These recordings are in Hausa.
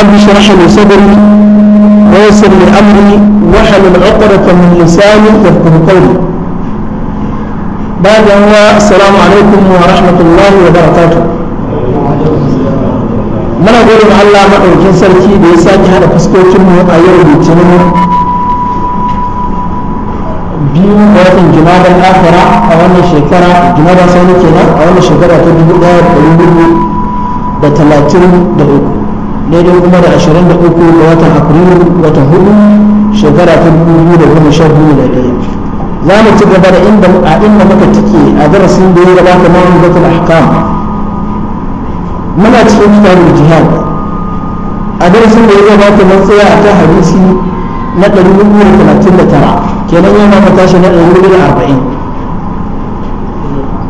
رب اشرح لي صدري ويسر لي امري واحلل عقدة من لساني يفقه قولي بعد الله السلام عليكم ورحمة الله وبركاته mana gudun Allah maɗaukin sarki da ya sake hada mu a yau litinin biyu ga watan jimadar afira a wannan shekara jimadar sani kenan a wannan shekara ta dubu ɗaya da dubu da talatin da uku daidai kuma da 23 ga watan afrilu watan hudu shekara ta 2012 miladiya za mu ci gaba da inda a inda muka tike a darasin da ya gabata na wani wadatul ahkam muna cikin kitabul jihad a darasin da ya gabata mun tsaya a ta hadisi na 339 kenan yana matashi na 140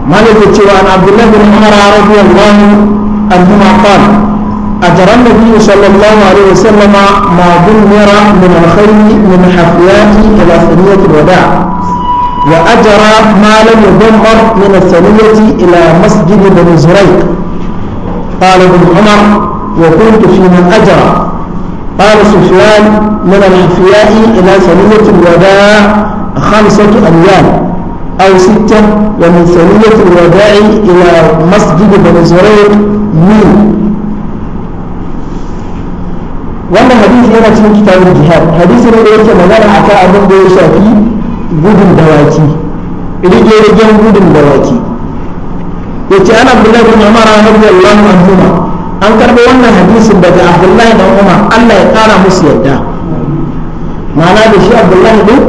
مالك يقول عن عبد الله بن عمر رضي الله عنهما أجر النبي صلى الله عليه وسلم ما دمر من الخير من حفيات إلى ثنية الوداع وأجر ما لم يدمر من الثنية إلى مسجد بن زريق قال ابن عمر وكنت في من أجر قال سفيان من الحفياء إلى ثنية الوداع خمسة أيام أو ستة ومن ثنية الوداع إلى مسجد بن زريق ميل magana cikin kitabun jihad hadisi ne da yake magana a kan abin da ya shafi gudun dawaki rigirgen gudun dawaki ya ce ana abdullahi bin umar radiyallahu anhuma an karɓi wannan hadisin daga abdullahi bin umar allah ya ƙara musu yadda ma'ana da shi abdullahi ɗin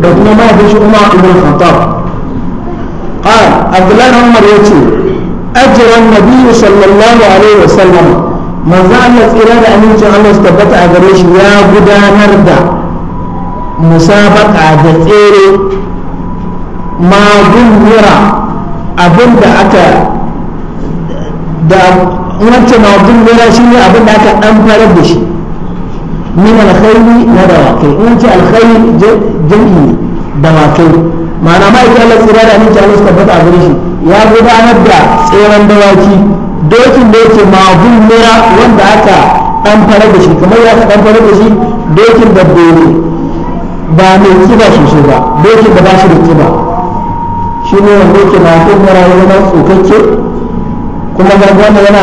da kuma mahaifin shi umar ibn khattab qala abdullahi bin umar ya ce ajiyar nabi sallallahu alaihi wasallam manzo Allah tsira da amincin Allah su tabbata a gare shi ya gudanar da musabaka da tsere magunura abin da aka da wacce magunura shi ne abin da aka dan farar da shi min alkhairi na dawakai in ce alkhairi jam'i dawakai ma'ana ma'aikata Allah tsira da amincin Allah su tabbata a gare shi ya gudanar da tseren dawaki dokin da yake mabumira wanda aka dan fara da shi kamar ya dan fara da shi dokin da dole ba mai kiba sosai ba dokin da ba shi da kiba shi ne wanda yake mabumira ya zama tsokakke kuma gargama yana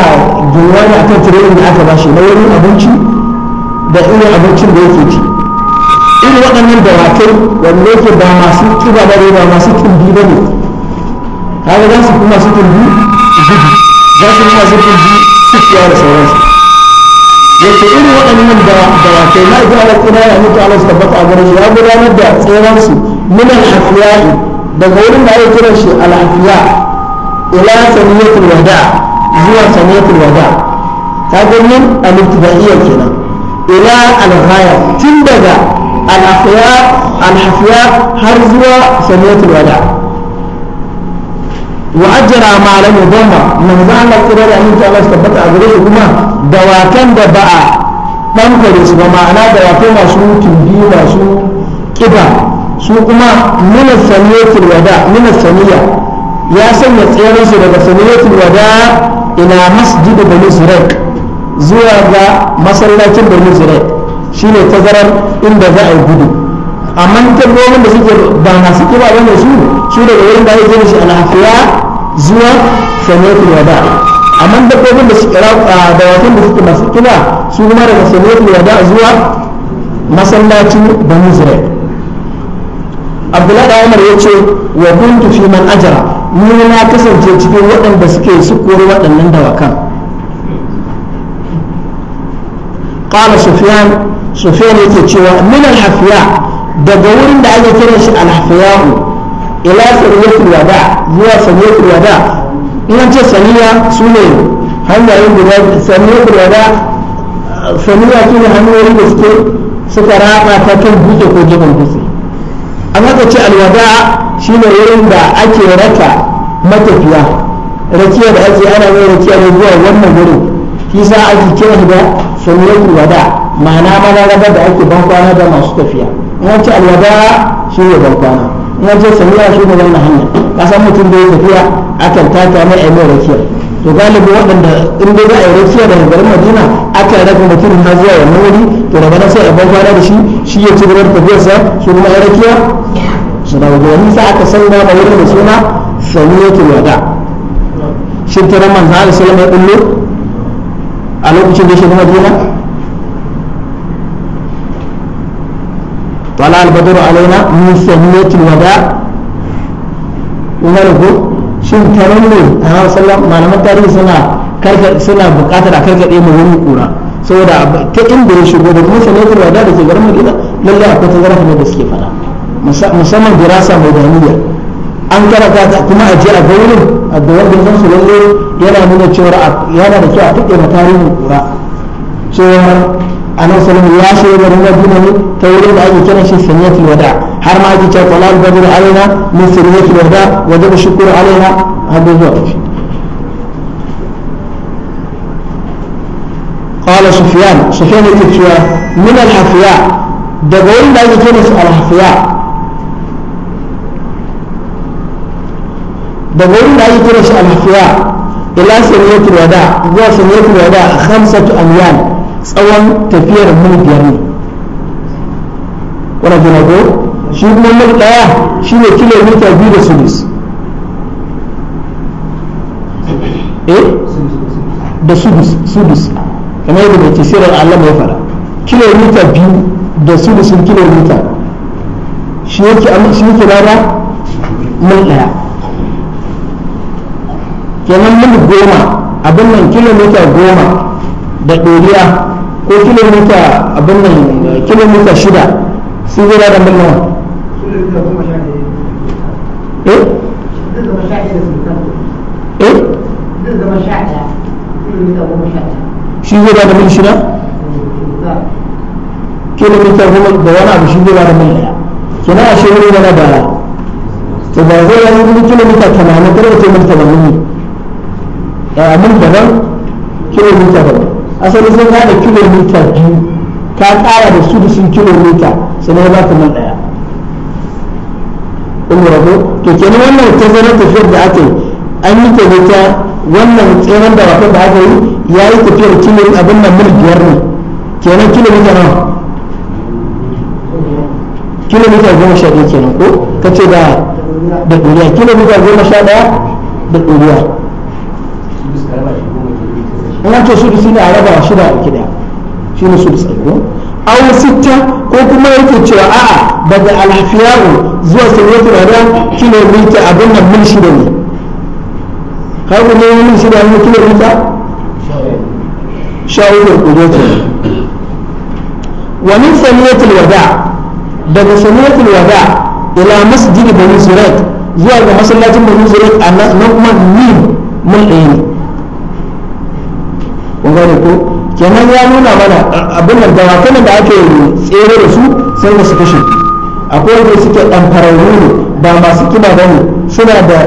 ginuwa ne akan tirenin da aka bashi na wurin abinci da irin abincin da yake ci irin waɗannan dawakai wanda yake ba masu kiba ba ne ba masu tumbi ba ne haka za su kuma masu tumbi gudu za su nuna su ji da sauransu yace irin waɗannan da dawakai na ibi ala kuna ya mutu ala su tabbata a gurin ya gudanar da tsoronsu min al-hafiya'i daga wurin da ake kiran shi al-hafiya ila saniyatul wada zuwa saniyatul wada ta ganin al-ibtida'iyya kenan ila al-ghaya tun daga al-hafiya har zuwa saniyatul wada' wa ajira ma lam yudamma manzo Allah kira da aminci Allah tabbata a gare shi kuma dawakan da ba a dan kare su ba ma'ana dawakai masu tumbi masu kiba su kuma min samiyatul wada samiya ya sanya tsayar su daga samiyatul wada ila masjid bani zurek zuwa ga masallacin bani zurek shine tazarar inda za a yi gudu amma ta gomin da suke ba masu kiba bane su su daga wurin da yake shi al'afiya zuwa sanatul wada amma dabbobin da suke da watan da suke masu kiba su kuma daga sanatul wada zuwa masallacin da zurek abdullahi umar ya ce wa kuntu fi man ajara ni na kasance cikin waɗanda suke sukuri waɗannan dawakan قال hafiya? Daga wurin da ake دقورين shi يتنش hafiya. ila saniyatul wada zuwa saniyatul wada ina ce saniya su ne hanyoyin guda saniyatul wada saniya su ne hanyoyin da suke suka raba ta kan dutse ko gefen dutse amma ka ce alwada ne wurin da ake raka matafiya rakiya da ake ana yin rakiya ne zuwa wannan wurin shi sa ake kira da saniyatul wada ma'ana mana rabar da ake bankwana da masu tafiya in ce alwada shi ne bankwana kuma ce sahiya shi ne wannan hanya kasan mutum da ya tafiya akan tata mai aimo rakiya to galibi waɗanda in dai za a yi rakiya daga garin madina akan raka mutum na zuwa wannan wuri to daga nan sai a ban kwana da shi shi ya ci gaba da tafiyarsa su kuma ya rakiya su da wani sa aka san da wuri da suna sahiyatul wada shin tare manzo da sallallahu ya kullu a lokacin da shi madina طلع البدر علينا من سنية الوداع ونرجو shin tarallo a nan sallan malaman tarihi suna suna buƙatar a karkaɗe mu wani kura saboda ta inda ya shigo da kuma sanatar wada da ke garin gida, lallai akwai ta zarafi ne da suke fada musamman dirasa mai daniya an karanta ta kuma a je a gaurin a da wanda zan su lallai yana nuna cewa yana da kyau a tuɗe ma tarihin kura cewa أنا صلى الله عليه وسلم رمى دينه توريد أي كان شيء سنية الوداع حرم أي كان طلال بدر علينا من سنية الوداع وجب الشكر علينا هذا هو قال سفيان سفيان يتسوى من الحفياء دقوين بأي كان الحفياء دقوين بأي كان الحفياء إلا سنية الوداع هو سنية الوداع خمسة أميان tsawon tafiyar mil biyar ne wani jina ko shi kuma mil ɗaya shi ne kilomita biyu da sulis eh da sudus sudus kamar yadda mai tasirar Allah ya fara kilomita biyu da sudusin kilomita shi yake shi yake bada mil daya kenan mil goma abin nan kilomita goma da ɗoriya ko kilomita abin nan kilomita shida su zira da mil nawa eh eh shi zira da mil shida kilomita goma da wani abu shi zira da mil daya kina a shi wuri yana da to ba zai yanzu kilomita tamanin kuma ce mil tamanin ne eh, abin daban kilomita daban asali sun ka da kilomita biyu ka ƙara da su da sun kilomita sai ya baka man ɗaya umar ko to kenan wannan tazarar tafiyar da aka yi an yi ta wannan tseren da wakan da aka yi ya yi tafiyar kilomita abin nan mil biyar ne kenan kilomita nawa kilomita goma sha ɗaya kenan ko ka ce da da ɗuriya kilomita goma sha ɗaya da ɗuriya in an ce sudu shine a raba shida a kida shine sudu ko aw sitta ko kuma yake cewa a'a daga alhafiyaru zuwa sunnatul adam kilomita abin nan mil shida ne har ku ne mil shida ne kilomita sha uku wani zo wa da daga wada' daga da wada ila masjid bani zurat zuwa ga masallacin bani zurat a nan kuma mil mun ɗaya ne kun gane ko kenan ya nuna mana abin da dawakan da ake tsere da su sai da su kashe akwai wanda suke dan fararru ne ba masu kiba ba ne suna da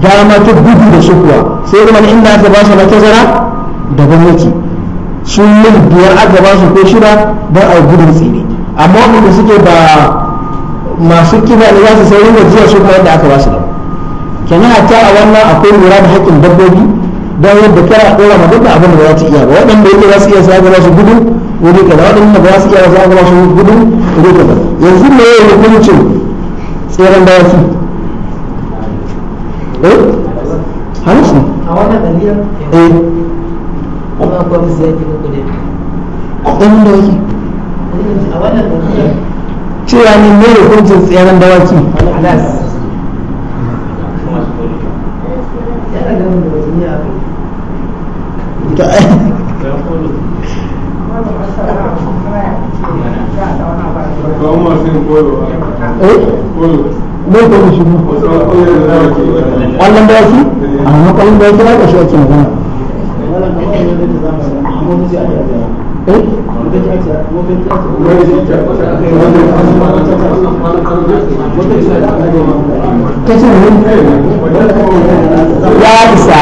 dama ta gudu da su kuwa sai kuma inda aka ba su na tazara da gwamnati sun mil biyar aka ba su ko shida don a gudun tsere amma wanda suke ba masu kiba ne za su sai da jiya su kuma wanda aka ba su kenan a ta a wannan akwai lura da haƙƙin dabbobi don yadda kana ɗora ma duka abin da za su iya ba waɗanda yake za su iya su gudu wuri kaza waɗanda ba su iya su gudu wuri kaza yanzu me hukuncin tseren dawaki eh a wannan dalilin eh kuma akwai musu yaki ko kudin ɗan dawaki a wannan dalilin cewa ne me ya hukuncin tseren dawaki to eh?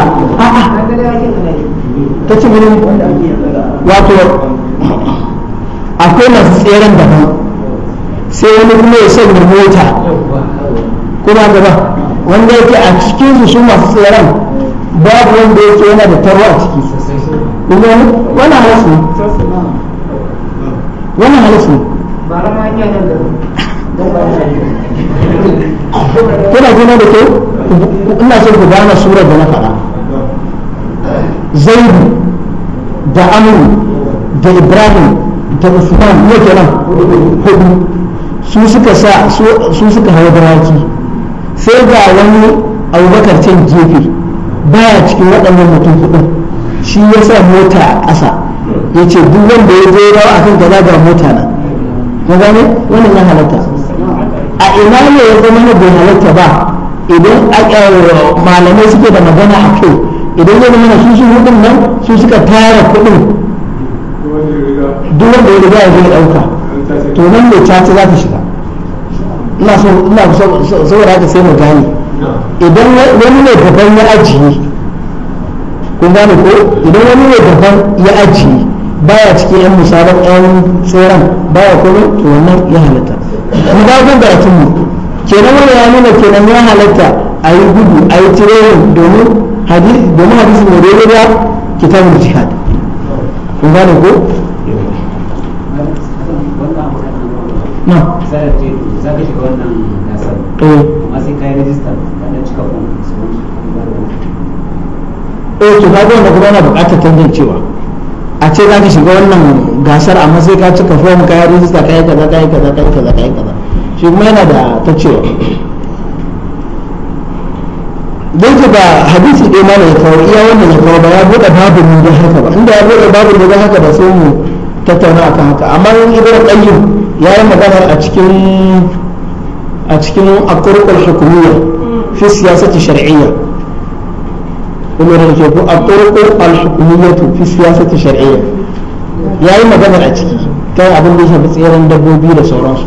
a eh? ya ta ci wurin wato akwai masu tseren daban sai wani kuma ya sanya mota kuma gaba wanda yake a cikin su su masu tseren babu wanda yake yana da tarwa a ciki kuma wani halittu wani halasu kuna jina da ke ina son ku gane surar da na faɗa zaidu da amuru da ibrahim da usman ya kenan hudu su suka sa su suka hawa sai ga wani abubakar can gefe baya cikin waɗannan mutum hudu shi ya sa mota a ƙasa ya ce duk wanda ya je rawa akan gaza ga mota na ya gane wannan ya halatta a ina ne ya zama na bai halatta ba idan a malamai suke da magana a kai idan ya zama su su hudun nan su suka tara kuɗin duk wanda ya riga ya zai dauka to nan mai caca za ta shiga ina so ina so saboda haka sai mu gane idan wani ne gaban ya ajiye kun gane ko idan wani ne gaban ya ajiye baya cikin yan musabar yan tsoron baya kuma to wannan ya halatta mu dawo karatun mu kenan wani ya nuna kenan ya halatta a yi gudu a yi tireyin domin hadith domin hadisi mai daidai da kitabul jihad kun gane ko na za eh. eh, ka shiga wannan gasar kuma sai cika a ce za ka shiga wannan gasar amma sai ka cika fom ka yi rijista ka kaza ka kaza ka kaza ka kaza shi kuma yana da ta cewa ke ba hadisi ɗaya ma ya kawo iya wannan ya kawo ba ya buɗe babu ne don haka ba inda ya buɗe babu ne don haka ba sai mu tattauna akan haka amma yin ibar qayyim ya yi magana a cikin a cikin aqurul hukumiyya fi siyasati shar'iyya kuma da ke ko aqurul al-hukumiyya fi siyasati shar'iyya ya yi magana a ciki kan abin da ya shafi tseren dabbobi da sauransu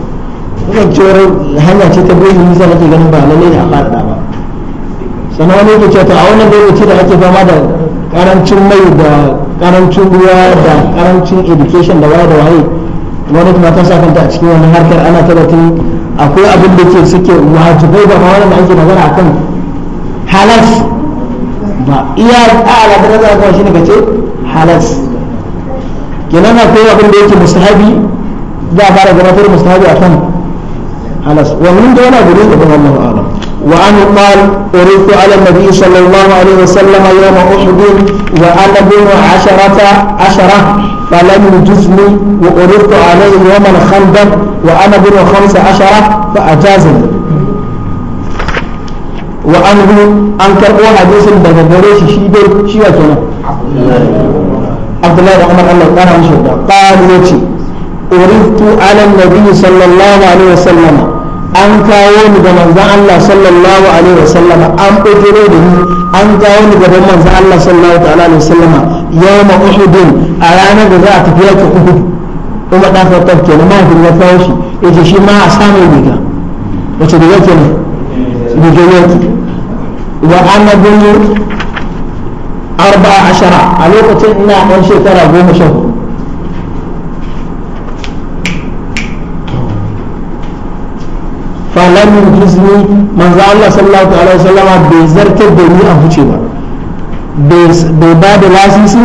kuma cewar hanya ce ta bai yi zama ke ganin ba lalle ne a fara sannan wani yake ta a wannan lokaci da ake fama da karancin mai da karancin ruwa da karancin education da wani da waye wani kuma ta sa kanta a cikin wani harkar ana tabbatin akwai abin da ke suke wajibai ba ma da ake magana akan halas ba iya ala da za shi ne kace halas kenan akwai abin da yake mustahabi za a fara gabatar mustahabi akan halas wannan da yana gure da Allah alam وعنه قال أريد على النبي صلى الله عليه وسلم يوم أحد وأنا ابن عشرة عشرة فلم يجزني وأريد عليه يوم الخندق وأنا بن خمس عشرة فأجازني وعنه أنكر حديث بغدريش شيبر شيئا كنا عبد الله بن عمر الله قال قال يتي أريد على النبي صلى الله عليه وسلم an kawo ni ga manzan Allah sallallahu alaihi wa sallama an bujiro da ni an kawo ni gaban manzan Allah sallallahu alaihi wasallama yawma uhudin a ranar da za a tafi yaki uhud kuma dan fatar kenan ma kin ya kawo shi yace shi ma a samu riga wace riga kenan riga yaki wa ana arba'a ashara a lokacin ina dan shekara goma 14 falam yujizni manzo Allah sallallahu alaihi wasallam bai da ni a huce ba bai ba da lasisi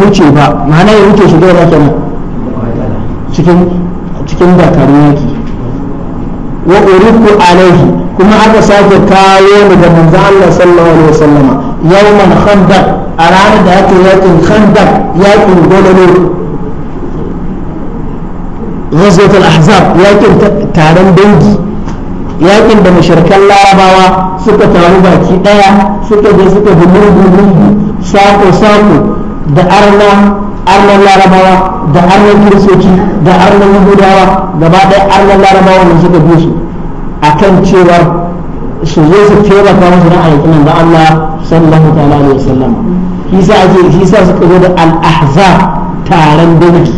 huce ba ma'ana ya huce da kenan cikin cikin dakarun wa uriku alaihi kuma aka sake kawo ni da manzo Allah sallallahu alaihi wasallam yawman khandaq a ranar da ake yakin khandaq yakin غزوة الأحزاب taron dangi. yakin da mushrikan larabawa suka taru baki daya suka je suka gumurgumurgu sako sako da arna arnan larabawa da arnan kiristoci da arnan yahudawa gaba daya arnan larabawa ne suka bi su akan cewa su zo su taimaka musu na ayyakin nan da Allah sallallahu ta'ala alaihi wasallam hisa ake hisa suka zo da al-ahzab taron dangi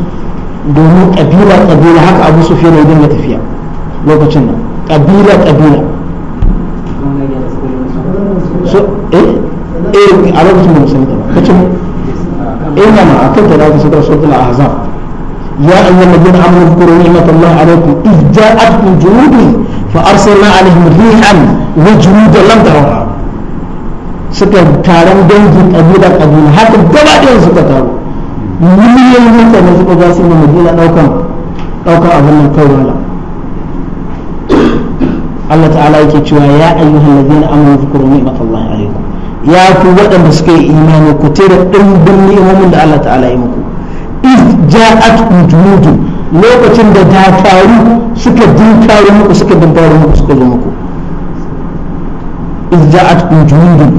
domin kabila kabila haka Abu Sufyan ya dinga tafiya lokacin nan kabila kabila so eh? eh a lokacin da musulunta ba kacin inna ma akan ta daga sura suratul ahzab ya ayyuhal ladina amanu dhkuru ni'matallahi alaykum a ja'atkum junudun fa arsalna alaihim rihan wa junudan lam tarawha suka taron dangi kabila kabila haka gaba ɗayan suka taro miliyoyin mutane suka ga su ne madina ɗaukan ɗaukan abin nan kai wala Allah ta'ala yake cewa ya ayyuhal ladzina amanu ya ku waɗanda suka yi imani ku tira ni'imomin da Allah ta'ala ya muku iz ja'at lokacin da dakaru suka muku suka muku suka zo muku iz ja'at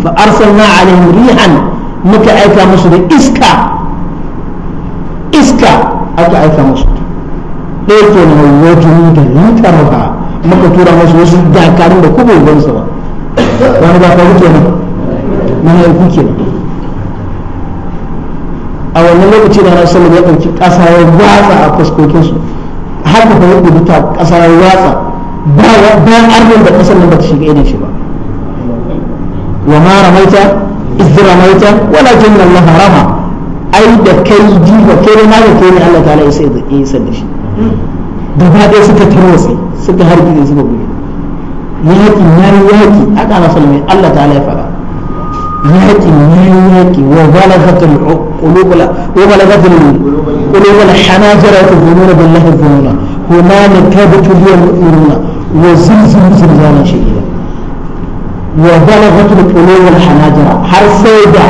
fa arsalna alaihim rihan muka aika musu da iska iska aka aika musu ɗaya kenan wajen da lantarwa muka tura masu wasu dakarun da kuma uban sa ba wani ba ka wuce nan mana ya kuke nan a wannan lokaci da na sallama ya ɗauki ƙasa ya watsa a fuskokinsu haka fa ya ɗauki ƙasa ya watsa bayan arnin da ƙasar nan ba ta shiga irin shi ba wa ma ramaita iz ramaita walakin Allah harama ai da kai jifa kai ma da kai ne Allah ta ta'ala ya isa da shi gaba ɗaya suka tarwatsi suka harbi suka gudu yaƙi ya yi yaƙi aka ana salmai Allah ta ala ya faɗa yaƙi ya yi yaƙi wa balagatul qulubula wa balagatul qulubul hanajara ta zununa billahi zununa hunalika tabtuliyal mu'minuna wa zilzilu zilzalan shadida wa balagatul qulubul hanajara har sai da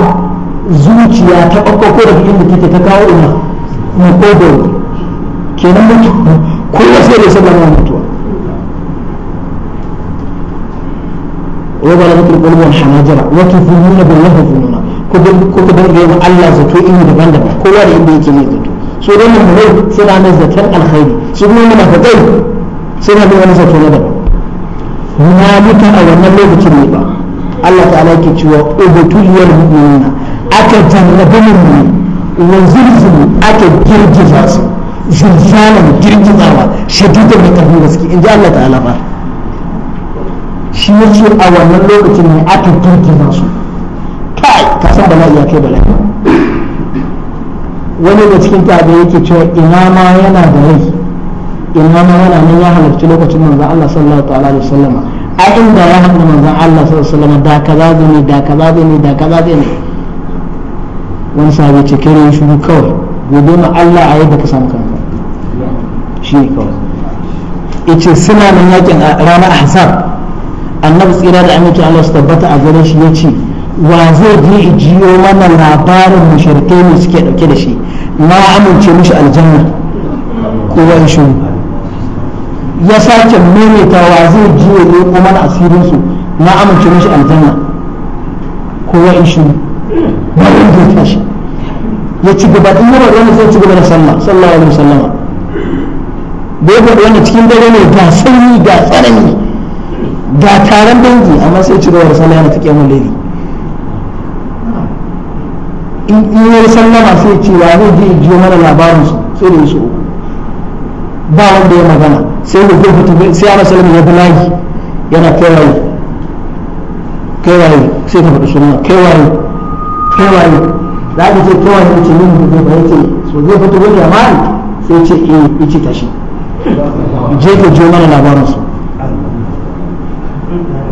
zuciya ta kokko da da take ta kawo ina mu kodo kenan mutum kowa sai da sabon wani mutuwa yawon rikin ƙulwar shanajira wata fununa bin yawon fununa ko ka dangaye yawon allah zato inu daban daban kowa da inda yake mai zato su ne mai rai suna na zaton alhaini su ne mai mafatai suna bin wani zato na daban na mutu a wannan lokacin ne ba allah ta ala ke cewa ubutuliyar mu'minina aka jannabi mu'mini wanzirzuru aka girgiza su zalzalan girgizawa shadidar da ƙarfin gaske in ji Allah ta'ala ba shi ya ce a wannan lokacin ne aka girgiza su kai ka san bala'i ya kai bala'i wani da cikin tabi yake cewa ina ma yana da rai ina ma yana nan ya halarci lokacin manzon Allah sallallahu alaihi wasallama a inda ya haɗu manzon Allah sallallahu alaihi wasallama da kaza zai ne da kaza zai ne da kaza zai ne wani sahabi ce yin shi kawai gobe ma Allah a yadda ka samu kanka shi ne kawai yace suna nan yakin ranar ahzab annabi tsira da amince Allah su tabbata a gare shi yace wa zai je jiyo mana labarin mushrikai ne suke dauke da shi na amince mishi aljanna kowa ya shi ya sake maimaita wa zai jiyo ne kuma na asirin su na amince mishi aljanna kowa ya shi ba zai tashi ya ci gaba in yi ba sai ci gaba da sallah sallallahu alaihi wasallama da ya faɗi wani cikin dare ne ga sanyi ga tsanani ga taron dangi amma sai ciro wa sallah yana ta kyamun laifi in yi sallama sai ce wa zai je jiyo mana labarin su sai da su ba wanda ya magana sai da gefe ta sai ana sallama ya bulagi yana kewaye kewaye sai ta faɗi suna kewaye kewaye da aka ce kewaye ce min da zai ce so zai fito wani amari sai ce eh ce tashi je ka jo mana labarin su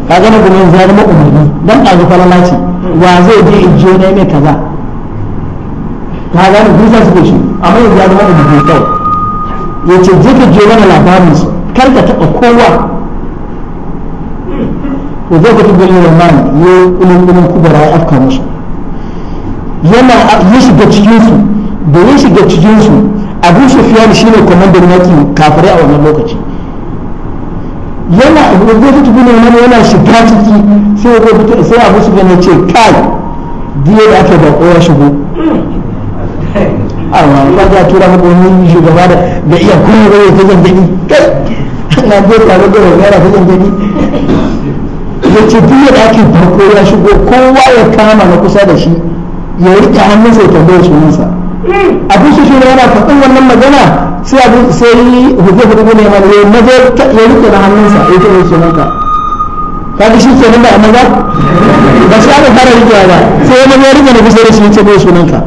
ka gane kuma yanzu ya zama umarni dan ɗazu falala ce wa zai je in je ne mai kaza ka gane bisa su ke shi amma yanzu ya zama umarni kawai ya ce je ka jo mana labarin su kar ka taɓa kowa Ko zai ka tabbata yin man ya yi ƙulun kubara ya afka musu yana ya shiga cikinsu da ya shiga cikinsu abu sufyan shine kwamandan yaƙi kafare a wannan lokaci yana abu da zai tafi wani yana shiga ciki sai ya fito sai abu sufyan ya ce kai diye da ake bako ya shigo a ba za a tura maka wani shugaba da da iya kuma zai ta gani kai na zai tare da wani yana ta gani ya ce diye da ake bako ya shigo kowa ya kama na kusa da shi ya riƙe hannunsa ya tambaye sunansa abu su shi yana faɗin wannan magana sai abu sai yi hujjar da gune ma ne maje ya eh, rike da hannunsa ya ce mai sunanka kaga shi ke nan da maza ba shi aka fara rike ba sai ya maje rike na kusa da shi ya ce mai sunanka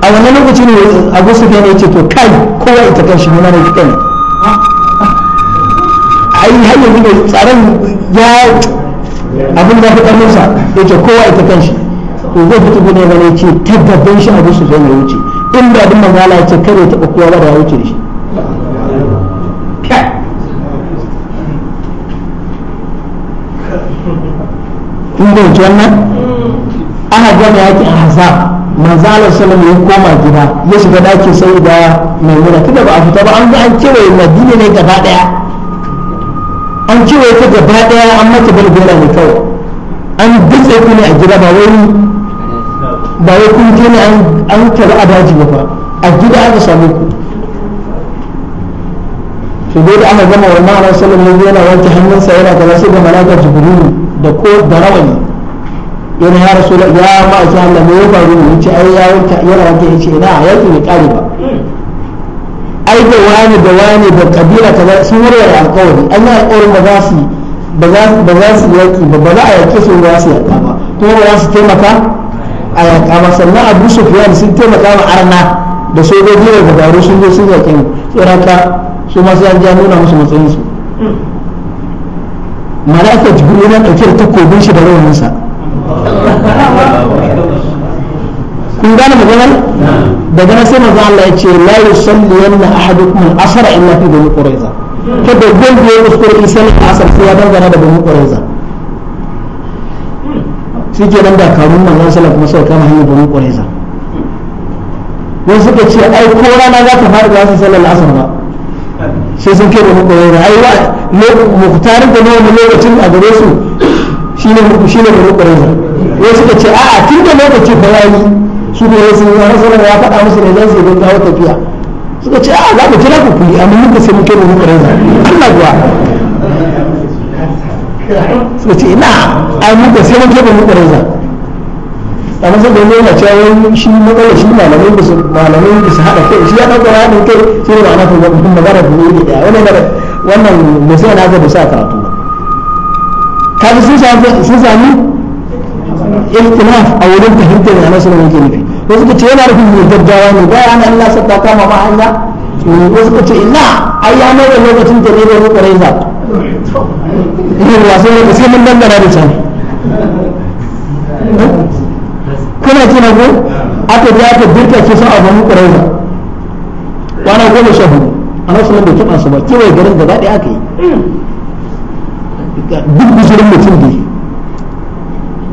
a wannan lokacin ne abu su ne ya ce to kai kowa ita kan shi ne mara rike ne ai har yanzu tsaron ya abin da fi ƙarfinsa ya ce kowa ita kan shi to zai fita gudu ne ce ta gaban shi abu su zai ya wuce in da abin magana ya ce kare taɓa kowa ba da ya wuce da shi kun da wuce wannan ana gama yaƙi a haza manzalar salam ya koma gida ya shiga dakin sai da maimuna tunda ba a fita ba an ga an kewaye madina ne gaba daya an kewaye ta gaba daya an mata balbera ne kawai an dutse ku ne a gida ba wai ba wai kun je ne an tabi a daji ba a gida aka samu ku su da aka gama wa ma'ana sallam ne yana wanke hannunsa yana kaza sai da malaka jibrilu da ko da rawani yana ya rasul ya ma ake Allah me ya faru ne yace ai ya wanke yana wanke ce ina yaki ne kare ba ai da wani da wani da kabila kaza sun warware alƙawari an yi alƙawarin ba za su ba za su yaki ba ba za a yake su ba su yaka ba kuma ba za su taimaka a yaƙa ba sannan abu sufiyan sun taimaka ma arna da sojoji da dabaru sun zo sun yaƙin tsiraka su masu yanzu ya nuna musu matsayinsu mala'ika jibril yana ɗauke da takobin shi da rawaninsa kun gane maganar daga nan sai manzo Allah ya ce la yusalli yanna ahadukum al-asra illa fi bani quraiza kada gwal ya kuskure sai sallar asar sai ya dangana da bani quraiza shi ke nan dakarun manzan sallah kuma suka kama hanyar domin ƙwareza wasu suka ce ai ko rana za ta fara za su sallar asar ba sai sun ke domin ƙwareza ai wa muktarin da wani lokacin a gare su shi ne domin ƙwareza wasu suka ce a'a tun da lokacin bayani ya yi su ne wasu sallar ya faɗa musu ne zan su yi tafiya suka ce a za mu kira ku kuli amma muka sai mun kai bani ƙwareza Allah kuwa suka ce ina ai muka sai mun keɓe muku reza amma sai da yana cewa shi shi malamai ba su malamai ba su haɗa kai shi ya ɗauka ya kai shi ne ma'ana kuma mutum magana da yake ɗaya wannan da wannan musayi na gaba sa karatu kaji sun sami sun sami ikhtilaf a wurin fahimtar da nasu ne yake wasu ka ce yana rufin mai gaggawa ne ba yana Allah sabba kama ma hanya wasu ka ce ina ai ya mai da lokacin da ne da muka yawa sai da sai mun dangana da can kuna tuna ko aka je aka dirka ke sun abu kwana goma sha hudu a da kiɓa su ba kewaye garin gaba ɗaya aka yi duk guzurin mutum da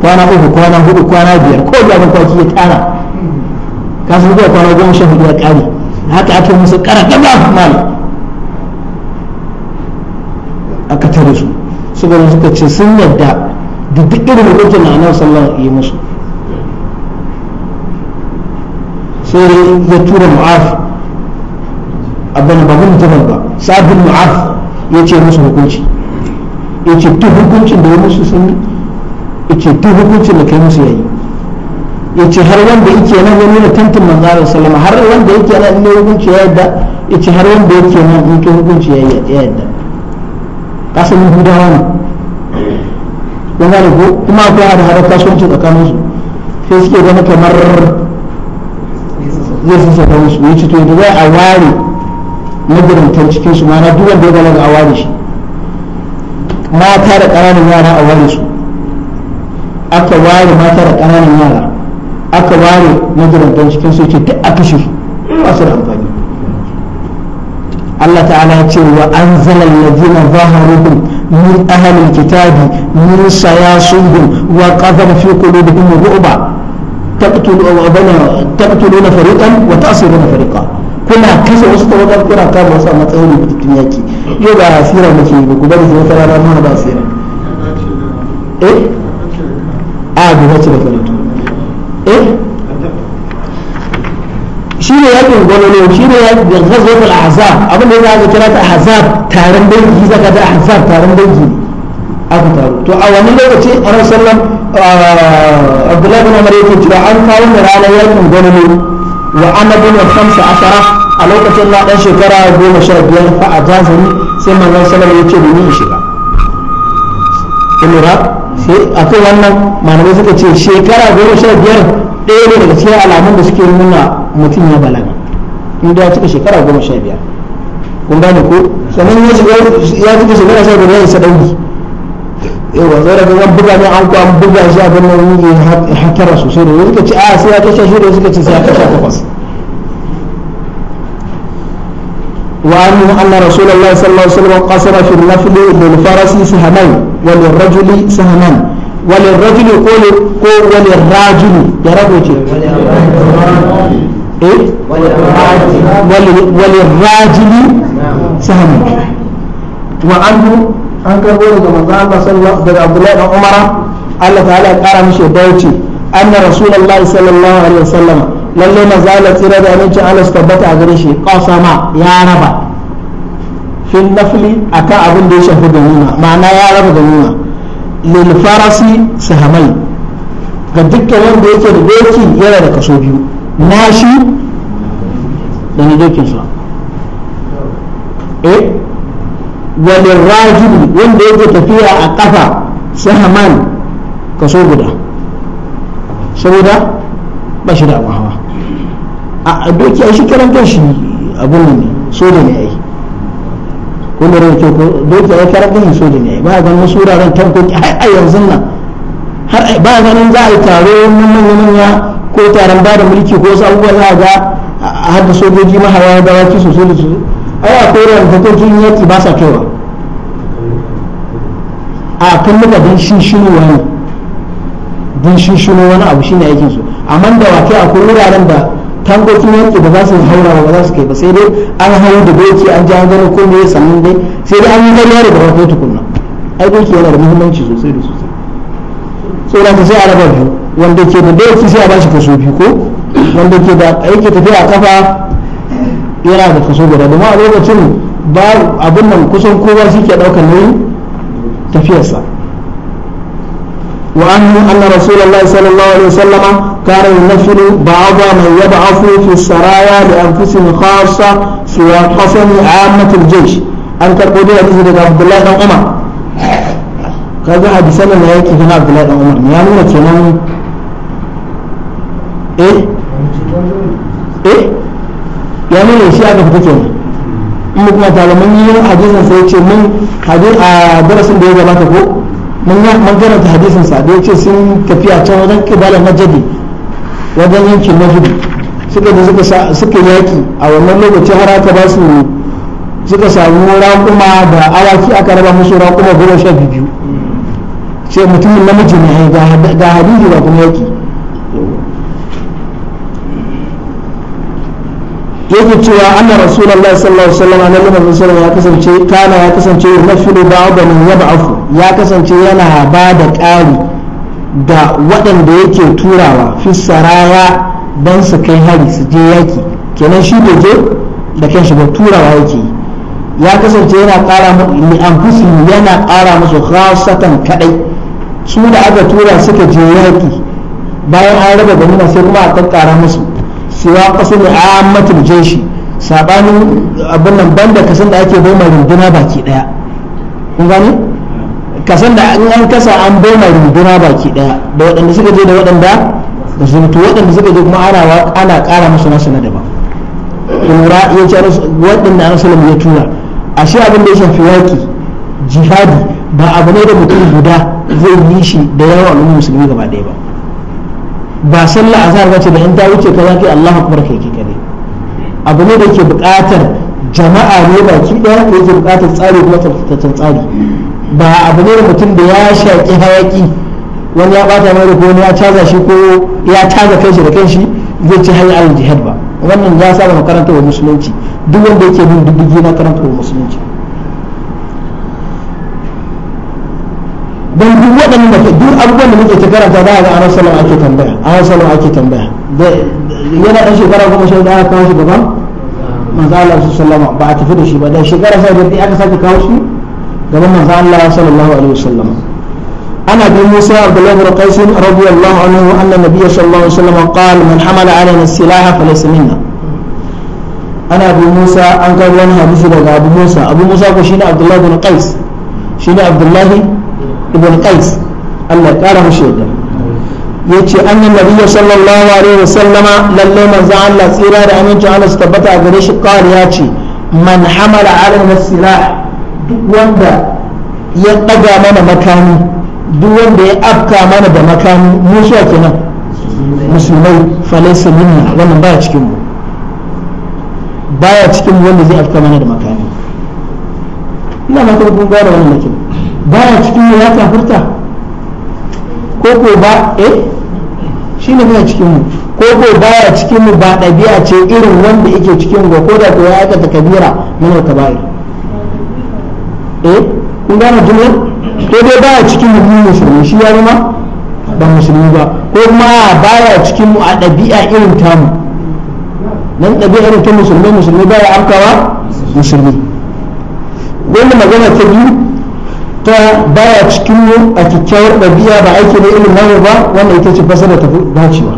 kwana uku kwana hudu kwana biyar ko da abin kwaki ya kasu zuwa kwana goma sha hudu ya ƙare haka ake musu ƙara malam aka tare su suka suka ce sun yadda da duk irin hukuncin na annabi sallallahu alaihi musu sai ya tura mu'af abin babun jabal ba sabin mu'af ya ce musu hukunci ya ce duk hukuncin da ya musu sun ya ce duk hukuncin da kai musu yayi ya ce har wanda yake nan ya nuna tantin manzara sallama har wanda yake nan ne hukunci ya yadda ya ce har wanda yake nan in kai hukunci ya yadda asalin hudawa ne don gane ko kuma akwai da hada kasuwanci tsakanin su sai suke gani kamar zai sun sata musu ya cito da zai a ware magidantar cikin su mana duk wanda ya balaga a ware shi mata da ƙananan yara a ware su aka ware mata da ƙananan yara aka ware magidantar cikin su ce duk a kashe su ba su da amfani Allah ta'ala ya ce wa an anzala alladhina zaharuhum min ahli alkitabi min sayasihim wa qadhara fi da kuma qulubihim ru'ba taqtuluna fariqan wa ta'siruna fariqan kuna kasa wasu tawagar kuna kama wasu a matsayin da rubutun yaki yau da asira muke yi ku bari sai wata rana mana ba asira eh a gaba ce da fariqan eh shi ne yakin gwamnati shi ne yakin da zazzaf al-ahzab abin da ya ga kira ta ahzab taron dangi zaka da ahzab taron dangi aka taru to a wani lokaci a rasulullah abdullahi bin umar yake cewa an kawo mu ranar yakin gwamnati wa ana bin khamsa ashara a lokacin na dan shekara goma sha biyar fa a jazani sai manzon sallallahu ya ce da ni shiga lura sai akai wannan malamai suka ce shekara goma sha biyar ɗaya ne daga cikin alamun da suke nuna mutum ya balaga inda ya cika shekara goma sha biyar kun gane ko sannan ya shiga ya cika shekara sha biyar ya sadauki yawa zai daga an buga ne an ko an buga shi a ganin yi hatara sosai da suka ce a ah, sai ya kashe shi da suka ce sai ya kashe takwas وعنه أن رسول الله صلى الله عليه وسلم قصر في النفل للفرس سهمان وللرجل سهمان وللرجل قول قول rajuli يا رب eh walirajili sahamu wa anhu an karbo daga manzo Allah sallallahu daga Abdullahi dan Umar Allah ta'ala ya kara mishi da yace anna rasulullahi sallallahu alaihi wasallam lalle manzo Allah tsira da annabi Allah su tabbata a gare shi qasama ya raba fil nafli akan abin da ya shafi da nuna ma'ana ya raba da nuna lil farasi sahamai ga dukkan wanda yake da doki yana da kaso biyu nashi da na dokinsa eh wani rajuli wanda yake tafiya a ƙafa su haman kaso guda saboda ba shi da abu hawa a doki a shi karan kanshi abun ne soja ne ai kun da rauke ko doki a karan kanshi soja ne ai ba ganin wasu wuraren tankoki har a yanzu nan har ba ganin za a yi taro na manya-manya ko taron bada mulki ko wasu abubuwa za a ga a hada sojoji mahawa da waki sosai da su a akwai rantatokin yaki ba sa kaiwa a kan muka don shinshino wani don shi wani abu shine aikin su amma da wake akwai wuraren da tankokin yaki ba za su haura ba za su kai ba sai dai an hau da doki an ji an gano ko me sannan dai sai dai an yi yare da barako tukunna ai doki yana da muhimmanci sosai da sosai saboda da sai a raba biyu wanda ke da bai sai a bashi kaso biyu ko wanda ke da yake tafiya a kafa yana da kaso guda domin a lokacin ba abin nan kusan kowa shi ke ɗaukar nauyin tafiyarsa وعنه أن رسول الله صلى الله عليه وسلم كان ينفل بعض من يبعث في السرايا لأنفسهم خاصة سوى قسم عامة الجيش an karɓo da hadisi daga abdullahi dan umar kaga hadisan nan yake daga abdullahi dan umar ya nuna kenan eh eh ya nuna shi aka fita kenan in mu kuma tare mun yi hadisin sai ce mun hadin a darasin da ya gabata ko mun ya mun karanta hadisin sa da yace sun tafi a can wajen kibalan najdi wajen yankin najdi suka da suka suka yaki a wannan lokaci har aka ba su suka samu raƙuma da awaki aka raba musu raƙuma goma sha biyu ce mutumin namiji ne ga hadisi da kuma yaki yake cewa anna rasulullah sallallahu alaihi wasallam annabi muhammad sallallahu ya kasance kana ya kasance yunafilu ba'da man yab'afu ya kasance yana ba da ƙari da waɗanda yake turawa fi dan su kai hari su je yaki kenan shi bai je da kan ba turawa yake ya kasance yana ƙara li anfusihim yana ƙara musu khasatan kadai su da aka tura suka je yaki bayan an raba ganima sai kuma a kakkara musu suwa kasu da amatar jeshi sabanin abin nan banda kasan da ake baima runduna baki daya kun gani kasan da an kasa an baima runduna baki daya da waɗanda suka je da waɗanda da zuntu waɗanda suka je kuma ana ana ƙara musu nasu na daban lura ya ce waɗanda an salamu ya tura A shi abin da ya shafi yaƙi jihadi ba abu ne da mutum guda zai yi shi da yawan al'ummar musulmi gaba ɗaya ba ba sallah azhar bace da in ta wuce ka zaki Allahu akbar kai ki kare abu ne da ke bukatar jama'a ne baki ɗaya ko yake buƙatar tsari kuma tsaftataccen tsari ba abu ne da mutum da ya shaƙi hayaki wani ya bata mai ko wani ya caza shi ko ya caza kanshi da kanshi zai ci hanyar jihad ba wannan ya saba makarantar musulunci duk wanda yake bin diddigi na karantar musulunci duk waɗanda duk abubuwan da muke ta karanta za a ga anan sallam ake tambaya anan sallam ake tambaya yana ɗan shekara goma sha da aka kawo shi gaban manzo Allah su sallama ba a tafi da shi ba da shekara sai da aka sake kawo shi gaban manzo Allah sallallahu alaihi wasallam أنا أبي موسى عبد الله بن قيس رضي الله عنه أن النبي صلى الله عليه وسلم قال من حمل علينا السلاح فليس منا أنا أبي موسى أنكر لنا حديث أبو موسى أبو موسى وشين عبد الله بن قيس شين عبد الله ibn qais Allah ya kara mushi yadda yace annan nabiyyu sallallahu alaihi wasallama lalle manzo Allah tsira da aminci Allah su tabbata a gare shi qali ya ce man hamala ala silah duk wanda ya daga mana makami duk wanda ya afka mana da makami mu shi kenan musulmai falaisa minna wannan baya cikin mu baya cikin wanda zai afka mana da makami ina ma kuma kun gane wannan nake baya cikin mu ya kafirta ko ko ba eh shi ne baya cikin mu ko ko baya cikin mu ba ɗabi'a ce irin wanda yake cikin ga ko da ko ya aikata kabira mun ta kabair eh kun gane jumlar ko dai baya cikin mu musulmi shi ya zama ba musulmi ba ko kuma baya cikin mu a ɗabi'a irin tamu nan ɗabi'a irin ta musulmi musulmi baya amkawa musulmi wanda magana ta biyu ta baya cikin a kyakkyawar ɗabi'a ba aiki da ilimin namu ba wanda ita ce fasara ta dacewa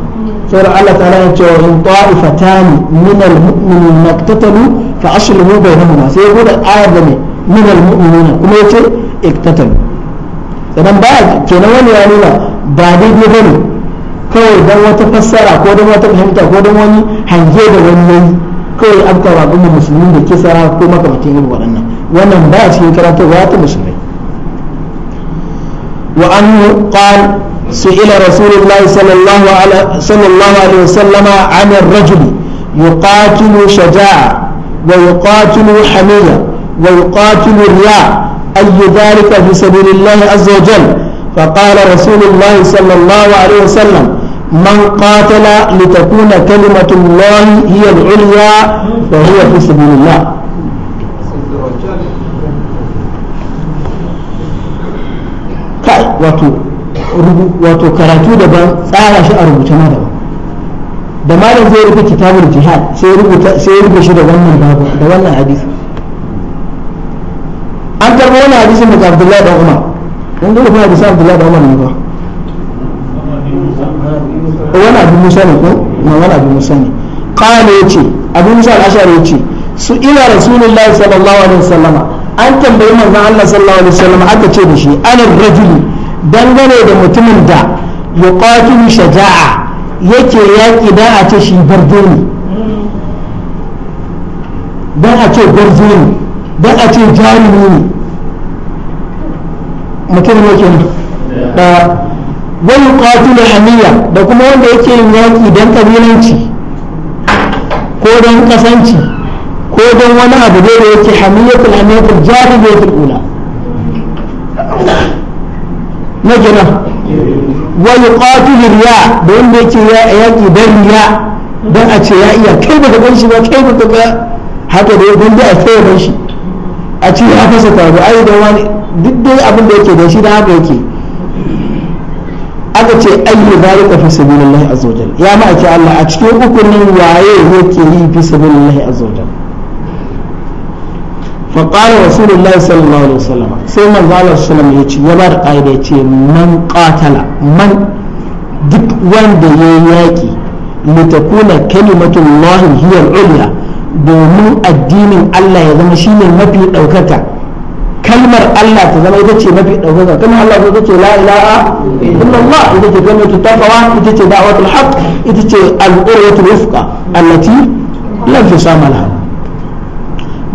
saboda Allah ta'ala ya ce wa in ta'ifatani min al-mu'minin maktatalu fa aslihu bainahuma sai ya gode ayar da ne min al-mu'minin kuma ya ce iktatalu sannan ba kenan wani ya nuna ba daidai ba ne kawai don wata fassara ko don wata fahimta ko don wani hange da wani yayi kawai abkawa al'ummar musulmi da kisara ko makamantan irin waɗannan wannan ba a cikin karantarwa ta musulmi وأنه قال سئل رسول الله صلى الله عليه صلى الله عليه وسلم عن الرجل يقاتل شجاعة ويقاتل حمية ويقاتل رياء أي ذلك في سبيل الله عز وجل فقال رسول الله صلى الله عليه وسلم من قاتل لتكون كلمة الله هي العليا فهو في سبيل الله wato karatu daban tsara shi a rubuce ma daban da malam zai rufe kitabul jihad sai rubuta sai rubuta shi da wannan babu da wannan hadisi an karbo wannan hadisi daga Abdullahi da Umar kun ga rubuta hadisi Abdullahi da Umar ne ba eh, wani abu musa ne ko na wani abu musa ne qala yace abu musa al-ashari yace su ila rasulullahi sallallahu alaihi wasallama an tambayi manzon Allah sallallahu alaihi wasallama aka ce da shi anar rajuli dangane da mutumin da ya ƙwaƙi shaja'a yake yaƙi don a ce shi barzoni ne don a ce gwarzo ne don a ce jarumi ne mutum yake da wani ƙwaƙi na hamiya da kuma wanda yake yin yaƙi don ƙabilanci ko don ƙasanci ko don wani abu da yake hamiyatul hamiyatul jarumi ya ula na gina wani ƙwatuhu riya da wanda yake ya a yaƙi don riya don a ce ya iya kai daga gan shi ba kai ba ga haka da ya gundi a kai ban shi a ce ya fasa taro ai da wani duk dai abin da yake da shi da haka yake aka ce ayyu zalika fi sabilillahi azza wajalla ya ma ake Allah a cikin hukunin waye yake yi fi sabilillahi azza wajalla faƙalar rasulullahi sallallahu alaihi wasallam sai manzalar sulam ya ce ya ba ya ce man ƙatala man duk wanda ya yaki litakuna kalimatun lahin hiyar uliya domin addinin allah ya zama shine mafi ɗaukaka kalmar allah ta zama ita ce mafi ɗaukaka kalmar allah ita ce la ilaha illallah ita ce kalmatu taqwa ita ce da'watul ita ce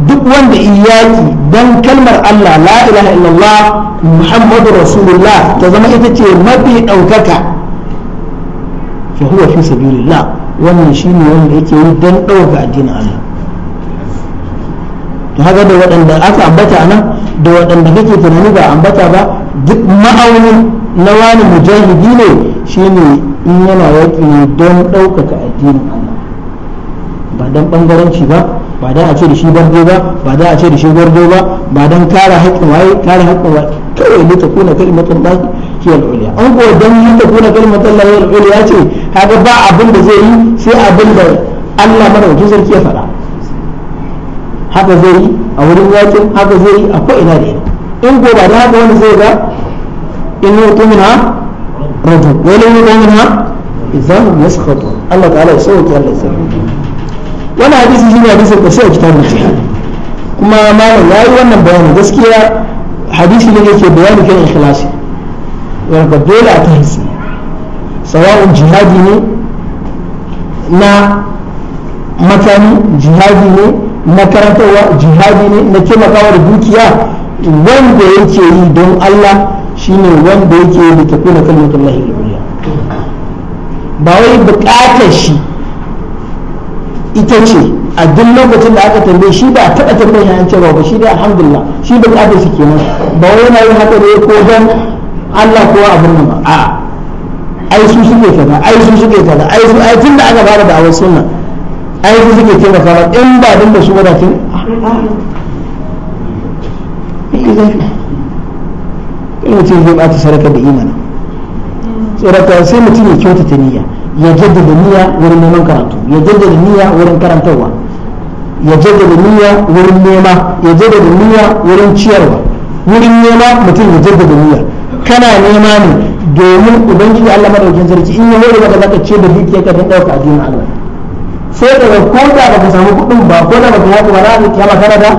duk wanda iyaki don kalmar Allah la ilaha illallah Muhammadu Rasulullah ta zama ita ce mafi ɗaukaka fa huwa fi sabilillah wannan shine wanda yake yi don ɗauka addinin Allah to haka da waɗanda aka ambata nan da waɗanda kake tunani ba ambata ba duk ma'aunin na wani mujahidi ne shine in yana yaƙi don ɗaukaka addinin Allah ba dan ɓangaranci ba ba dan a ce da shi bardo ba ba dan a ce da shi gwardo ba ba dan kare haƙƙin waye kare haƙƙin waye kawai ne ta kuna kalmatun lahi hiyal uliya an ko dan ne ta kuna kalmatun lahi hiyal uliya ce haka ba abin da zai yi sai abin da Allah madaukakin sarki ya faɗa haka zai yi a wurin yakin haka zai yi a ko ina da yi in ko ba da haka wani zai ga in yi tumina rajul wani yi tumina idan yaskatu Allah ta'ala ya sauke Allah ya sauke wani hadisi shine hadisin ƙarshe a kitabul jihad kuma malam ya yi wannan bayani gaskiya hadisi ne yake bayani kan ikhlasi wanda dole a tahisi sawa'un jihadi ne na makami jihadi ne na karantarwa jihadi ne na taimakawa da dukiya wanda yake yi don Allah shine wanda yake yi da tafi na kalmatin lahi ba wai bukatar shi ita ce a duk lokacin da aka tambaye shi ba a taɓa tambaye yayin cewa ba shi dai alhamdulillah shi da kafin shi kenan ba wai yana yin haka ne ko dan Allah ko abin nan ba a'a ai su suke kaza ai su suke kaza ai su ai tunda aka fara da awar sunna ai su suke taimaka fara in ba din da su wadatin ina ce zai bata sadaka da imani tsoraka sai mutum ya kyautata niyya ya jaddada niyya wurin neman karatu ya jaddada niyya wurin karantarwa ya jaddada niyya wurin nema ya jaddada niyya wurin ciyarwa wurin nema mutum ya jaddada niyya kana nema ne domin ubangiji Allah madaukakin sarki in ya hore maka zaka ce da dukiya ka dan dauka addinin Allah sai daga ko da baka samu kuɗin ba ko da baka yaku ba za ka kiyama kana da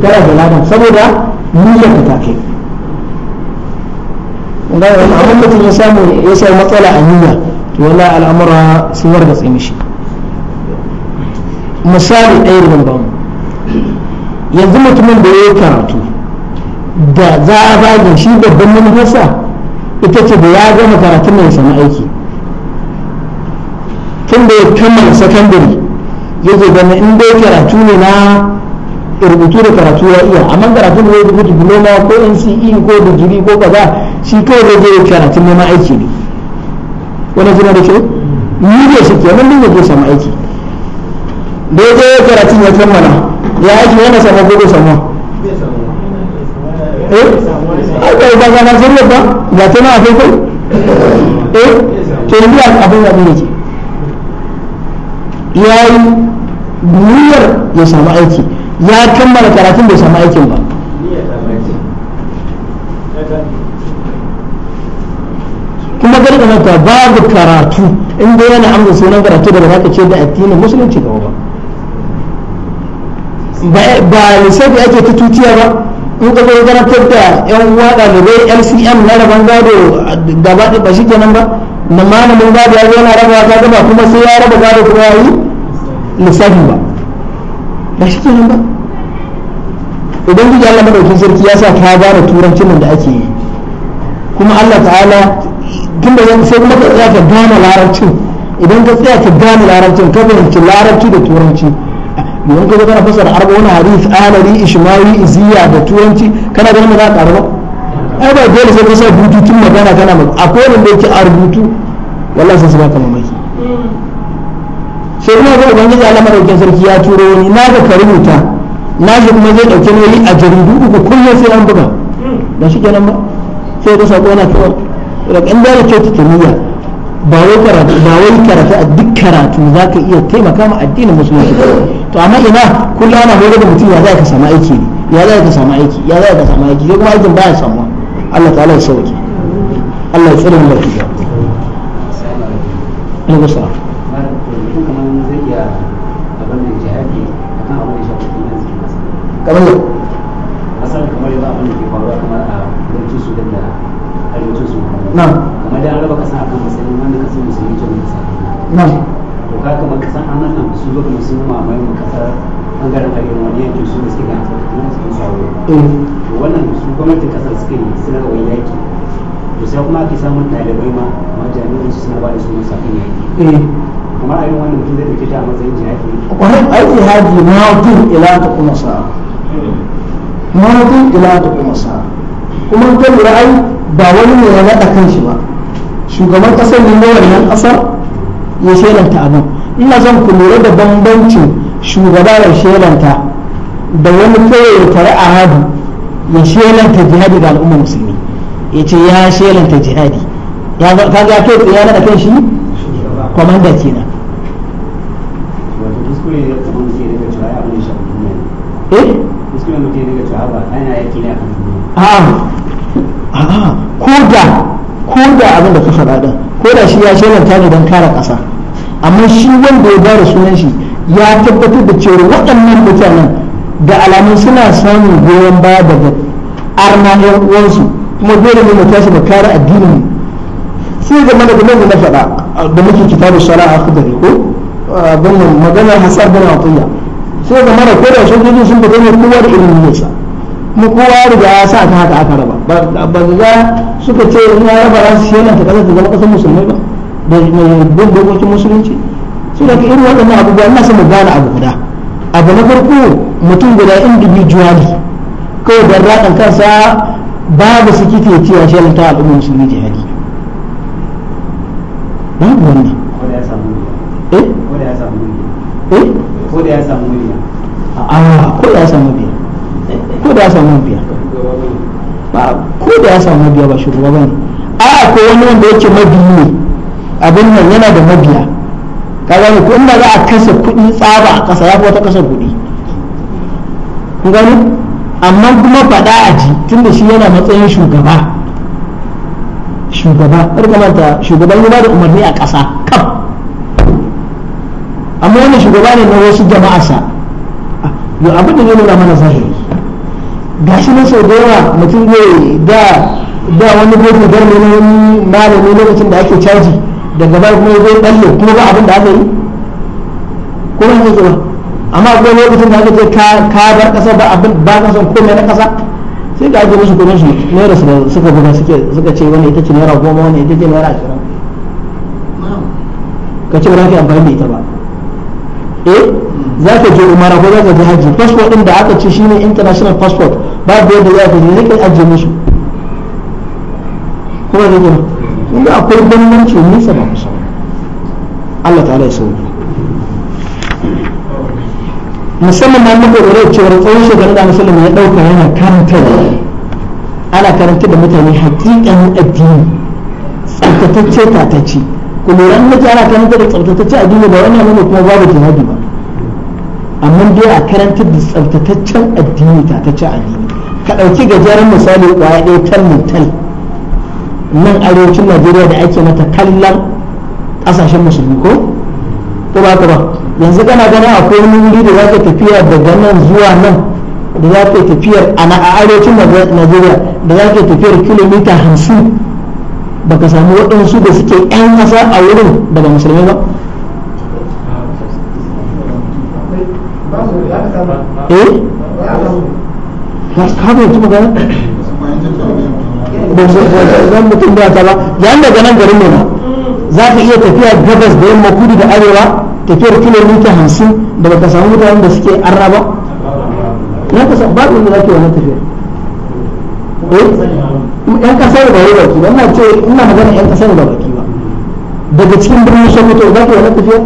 kana da ladan saboda niyyar ka ta kai abin mutum ya samu ya samu matsala a niyya to wala al'amura sun warga tsaye mishi misali ɗaya da ban yanzu mutumin da ya yi karatu da za a bagin shi babban manufarsa ita ce da ya gama karatun ya sami aiki tun da ya kammala sakandare yake ganin in dai karatu ne na rubutu da karatu ya iya amma karatu da ya rubuta diploma ko nce ko digiri ko kaza shi kawai zai je karatun neman aiki ne wani jina da kyau ni ne shi ke wani ne ke samu aiki da ya zai karatun ya kammala ya aiki wani samu ko bai samu eh ai bai ba na Najeriya ba ya ta na akwai kai eh to biya abin da ne ya yi niyyar ya samu aiki ya kammala karatun bai samu aikin ba kuma garba manta babu karatu inda yana amsa sunan karatu da ba za ka ce da addini musulunci ba ba ba lissafi ake ta tuciya ba in ka zai karantar da yan da ɗalibai lcm na rabon gado da ba shi kenan ba na malamin gado ya zo na raba ta gaba kuma sai ya raba gado kuma ya yi lissafi ba ba shi kenan ba idan kuka Allah madaukin sarki ya sa ta gane turancin da ake yi kuma Allah ta'ala tun da yanzu sai kuma ka tsaya ka gane larabci idan ka tsaya ka gane larabci ka fahimci larabci da turanci idan ka fasa fasara arba wani hadis alari ishmawi iziya da turanci kana ganin za ka ba ai ba dole sai ka sa bututun magana kana mai akwai wanda yake a rubutu wallahi sai su baka mamaki sai kuma ga ubangiji Allah madaukakin sarki ya turo wani na ga ka rubuta na shi kuma zai dauke ni a jaridu uku kullum sai an buga da shi kenan ba sai ka sako yana kawai in da kyautata niyya ba wai karatu ba wai karatu a duk karatu za ka iya taimaka ma addinin musulunci to amma ina kullum ana horar da mutum ya za ka samu aiki ne ya za ka samu aiki ya za ka samu aiki sai kuma aikin baya samuwa Allah ta'ala ya sauke Allah ya tsare mu baki Allah ya sauke kamar ne su zo kuma sun mamaye mu kasar bangaren ne wani yankin su da suke da kuma su yi shawo to wannan su gwamnati kasar suke yi suna ga wani yaki to sai kuma ake samun ɗalibai ma ma jami'in su suna ba da su masu akan yaki eh. kamar a yin wannan mutum zai ɗauke ta a matsayin jihadi kwanan aiki haji mawdin ila ta kuma sa mawdin ila ta kuma sa kuma ta lura ai ba wani ne ya naɗa shi ba shugaban ƙasar ne na wannan ƙasar ya shelanta abin ina zan ku lura da bambancin shugaba ya shelanta da wani kawai ya tare a hadu ya shelanta jihadi ga al'ummar musulmi ya ce ya shelanta jihadi ya ga kai tsaye na eh? kan shi komanda kenan ko da ko da abin da ka faɗa ɗan ko da shi ya shelanta ne don kare ƙasa amma shi wanda ya bada sunan shi ya tabbatar da cewa waɗannan mutanen da alamun suna samun goyon baya daga arna yan uwansu kuma dole ne mu tashi mu kare addinin sai ga mana da na faɗa da muke kitabu shara'a khudari ko abin magana hasar bin atiya sai ga mana ko da sojoji sun fita ne kowa da irin nesa kuma kowa da ya sa ta haka aka raba ba za suka ce in ya raba za su yana kasar ta zama kasar musulmai ba da mai bin dokokin musulunci su da irin waɗannan abubuwa ina son mu gane abu guda abu na farko mutum guda individually kawai don raɗin kansa babu su kike cewa shelanta al'ummar musulmi jihadi babu wannan eh? eh ko da ya samu biya ko da ya samu biya da ya samu mabiya ba shugaba ba ne a ko wani wanda yake mabiyi ne abin nan yana da mabiya ka gani ko inda za a kasa kuɗi tsaba a ƙasa ya fi wata kasa kuɗi ku gani amma kuma faɗa a ji tunda shi yana matsayin shugaba shugaba rika manta shugaban ya da umarni a ƙasa kaf amma wani shugaba ne na wasu jama'arsa ah, yo abin da ne nuna mana zahiri gashi na sau da yawa mutum zai da da wani gobe gar na wani malami lokacin da ake caji da baya kuma zai dalle kuma ba abin da aka yi ko ba ne ba amma akwai lokacin da aka ce ka bar kasa ba abin ba ka son komai na kasa sai ka ake musu kudin su naira su suka buga suke suka ce wani ita ce naira goma wani ita ce naira ashirin ka ce ba za ka yi amfani da ita ba eh za ka je umara ko za ka je hajji passport din da aka ce shine international passport da yadda za ka je ne kai ajiye musu kuma da gina kuma akwai bambanci nisa ba kusa Allah ta'ala ya sauke musamman ma muka lura cewa tsawon shekaru da musulmi ya ɗauka yana karanta da ana karanta da mutane hakikan addini ta ce kuma ran mutane ana karanta da tsaftatacce addini ba wani ne kuma babu jihadi ba amma dai a karantar da tsaftataccen addini ta ci addini ka ɗauki gajeren misali ƙwaya ɗaya tal mutal nan arewacin najeriya da ake mata kallon ƙasashen musulmi ko ko ba ba yanzu kana ganin akwai wani wuri da za ka tafiya daga nan zuwa nan da za ka tafiyar a arewacin najeriya da za ka tafiyar kilomita hamsin baka samu waɗansu da suke 'yan ƙasa a wurin daga musulmi ba eh ka fahimci magana zan mutum da ta ba yayin da nan garin nuna za ka iya tafiya gabas da yamma kudu da arewa tafiyar kilomita hamsin da baka samu mutanen da suke arraba eh? yan kasa ba babu da zaki wannan tafiya yan kasar da baki ba ina ce ina magana yan kasar da baki ba daga cikin birnin sokoto zaki wannan tafiya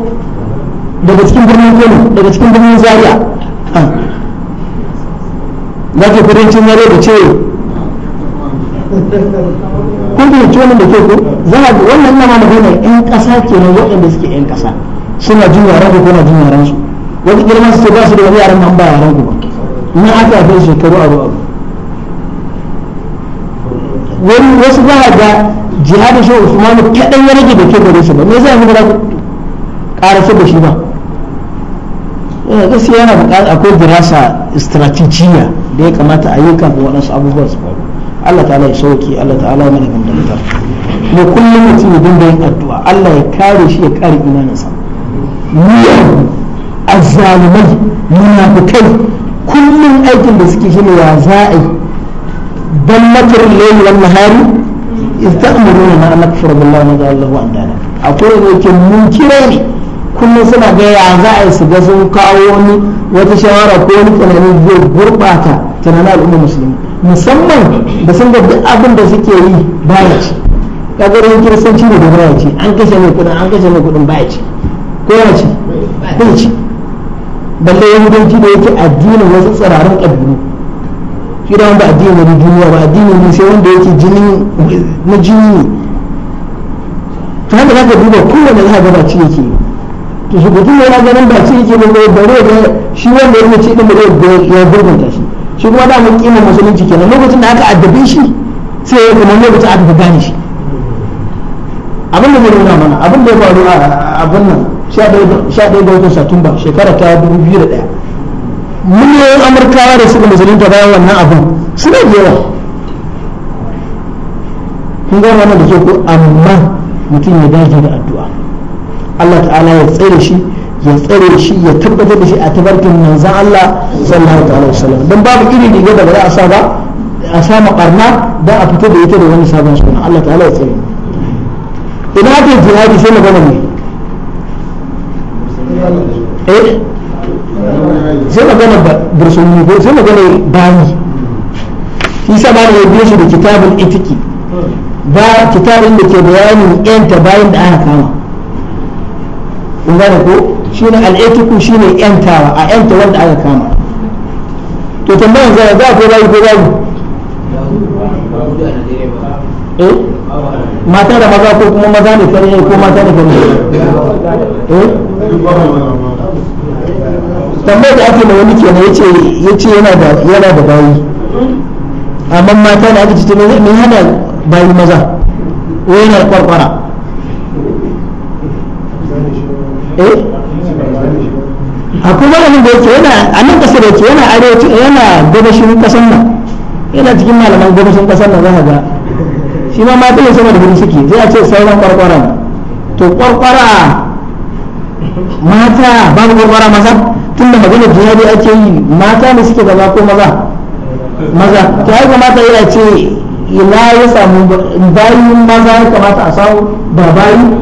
daga cikin birnin kano daga cikin birnin zaria za ki kudancin yare da ce kun fahimci wani da ke ku za a ga wannan na magana yan ƙasa ke nan waɗanda suke yan ƙasa suna jin yaran ku kuna jin yaran su wani girma su ce ba su da wani yaran nan ba yaran ku ba na aka fi shekaru abu abu wani wasu za a ga jihadin shi usmanu kaɗan ya rage da ke gare su ba me zai yi ba za ƙarasar da shi ba Eh, gaskiya yana buƙatar akwai dirasa strategiya da ya kamata a yi kafin waɗansu abubuwan su faru Allah ta'ala ya sauki Allah ta'ala mana gamdakatar ne kullum mutum ya dinga yin addu'a Allah ya kare shi ya kare imaninsa niyyar azzalumai munafikai kullum aikin da suke shine ya za'a dan makar layl wal nahari ista'muruna ma nakfuru billahi wa nadalu wa andana akwai ne ke munkirai ne kullum suna ga ya za a yi su ga sun kawo wani wata shawara ko wani tunani zai gurɓata tunanin al'ummar musulmi musamman da sun gabi abin da suke yi baya ya kagarin kiristanci ne da baya ce an kashe mai kudin an kashe mai kudin baya ce ko ya ce ba ya ce. balle yahudanci da yake addinin wasu tsirarin ƙabilu shi da wanda addinin wani duniya ba addinin ne sai wanda yake jini na jini ne ta haka za ka duba kowane za ka gaba ci yake to shi mutum yana ganin ba ci yake mai da shi wanda ya ci din bare ya shi shi kuma da mun kima musulunci kenan lokacin da aka addabe shi sai ya kuma lokacin aka fi gane shi abin da zai nuna mana abin da ya faru a abin nan 11 ga watan satumba shekara ta 2001 miliyoyin amurkawa da suka musulunta bayan wannan abin suna da yawa kun gano da ke ko amma mutum ya dage da addu'a Allah ta'ala ya tsare shi ya tsare shi ya tabbatar da shi a tabarkin manzan Allah sallallahu ta'ala wasallam don babu irin riga da ba za a sa ba a sama barna don a fito da ita da wani sabon suna Allah ta'ala ya tsare idan aka yi jihadi sai magana ne eh sai magana bursuni ko sai magana bayi shi sa ba ya biyo shi da kitabul itiki ba kitabin da ke bayanin yanta bayan da aka kama kun gane ko shine al'etiku ne yantawa a yanta wanda aka kama to tambayar zara za a ko bayi ko bayi eh? mata da maza ko kuma maza ne kare ko mata ne kare eh tambayar da ake ma wani kenan yace yace yana da yana da bayi amma mata da aka ce ne hana bayi maza ko yana kwarkwara eh akwai malamin da yake yana a nan kasar yake yana arewacin yana gabashin kasar nan yana cikin malaman gabashin kasar nan zaka ga shi ma mata yin sama da gudu suke zai a ce sauran kwarkwara to kwarkwara mata babu kwarkwara maza tun da magana jihadi ake yi mata ne suke gaba ko maza maza to ai mata yana ce ila ya samu bayin maza ya kamata a samu ba bayin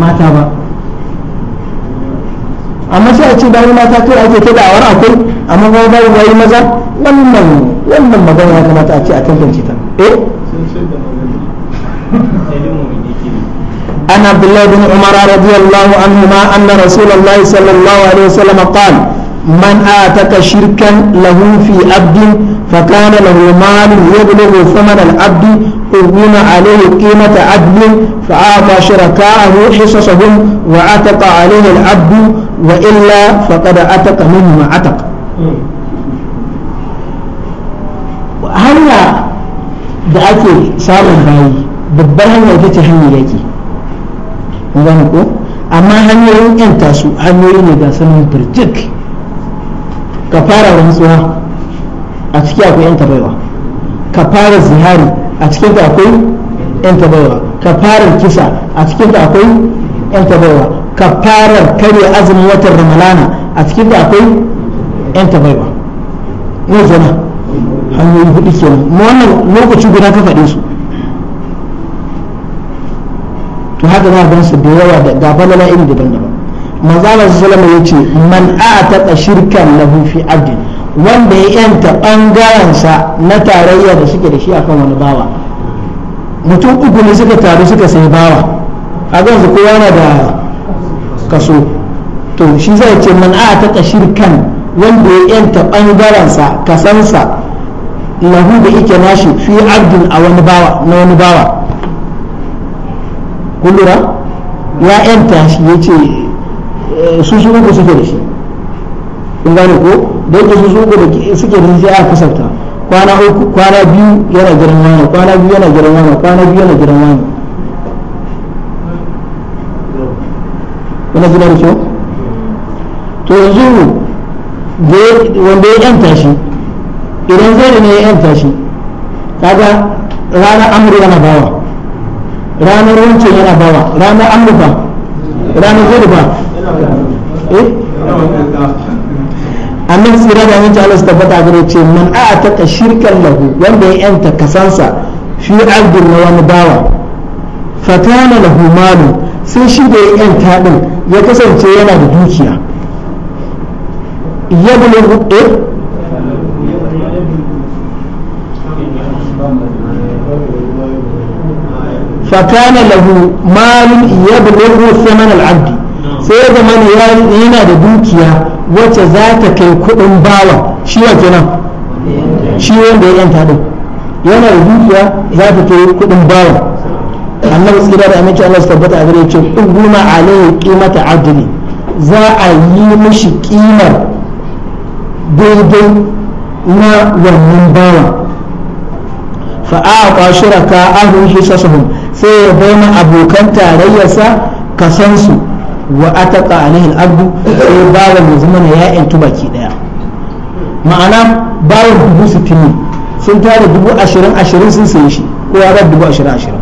mata ba amma sai a ce bayan mata kai ake ta da'awar akwai amma ba ba yi maza wannan wannan magana ya kamata a ce a tantance eh an abdullahi bin umar radiyallahu anhu ma anna rasulullahi sallallahu alaihi wasallam qal man ataka shirkan lahu fi abdi fa kana lahu mal yablughu thaman al abdi يقولون عليه قيمة عدل فأعطى شركاءه حصصهم وعتق عليه العبد wa illa faqad ataka minhu ma ataka hanya da ake samun bayi babbar hanya ita ce hanyar yaki gani ko amma hanyoyin yanta su hanyoyi ne ga sanin birjik ka fara rantsuwa a cikin akwai yanta baiwa ka fara zihari a cikin ta akwai yanta baiwa ka fara kisa a cikin ta akwai yanta baiwa kafarar karya azumin watan ramalana a cikin da akwai yan tabaiba ne zama hanyoyi hudu nan. ma wannan lokaci guda ka faɗe su to haka za a gansu da yawa da gabalala iri daban-daban manzala salama ya ce man taɓa shirkan na hufi Abdi? wanda ya yanta bangarensa na tarayya da suke da shi akan wani bawa mutum uku ne suka taru suka sai bawa a gansu kowa na da kaso to shi zai ce man a ta kan wanda ya yanta ɓangarensa kasansa lahu da ike nashi fi abdin a wani bawa na wani bawa kullura ya yanta shi ya ce eh, su su uku suke da shi kun gane ko da yake su su uku da suke da shi a kasafta kwana uku kwana biyu yana girman wani kwana biyu yana girman wani kwana biyu yana girin wani kuna gina da kyau to yanzu wanda ya yanta shi idan zai ne ya yanta shi kaga ranar amur yana bawa ranar wancan yana bawa ranar amur ba ranar zai ba eh? annabi tsira da yanci ta su tabbata gare ce man a ta shirkan lahu wanda ya yanta kasansa fi abdul na wani bawa fatana na malu sai shi da ya yanta din ya kasance yana da dukiya ya bulu yablu eh فكان له مال يبلغ ثمن العبد sai ya zaman yana da dukiya wacce za ta kai kudin bawa shi wa kenan shi wanda ya yanta din yana da dukiya za ta kai kudin bawa annabi tsira da aminci Allah su tabbata a gare ce uguma alaihi qimata adli za a yi mishi kimar daidai na wannan bawa fa a ba shuraka ahun hisasuhum sai ya bai ma abokan tarayyarsa kasansu wa ataka alaihi al'abdu sai bawan ya zama na ya'yan baki daya ma'ana bawan dubu sittin sun tara dubu ashirin ashirin sun sayi shi ko ya dubu ashirin ashirin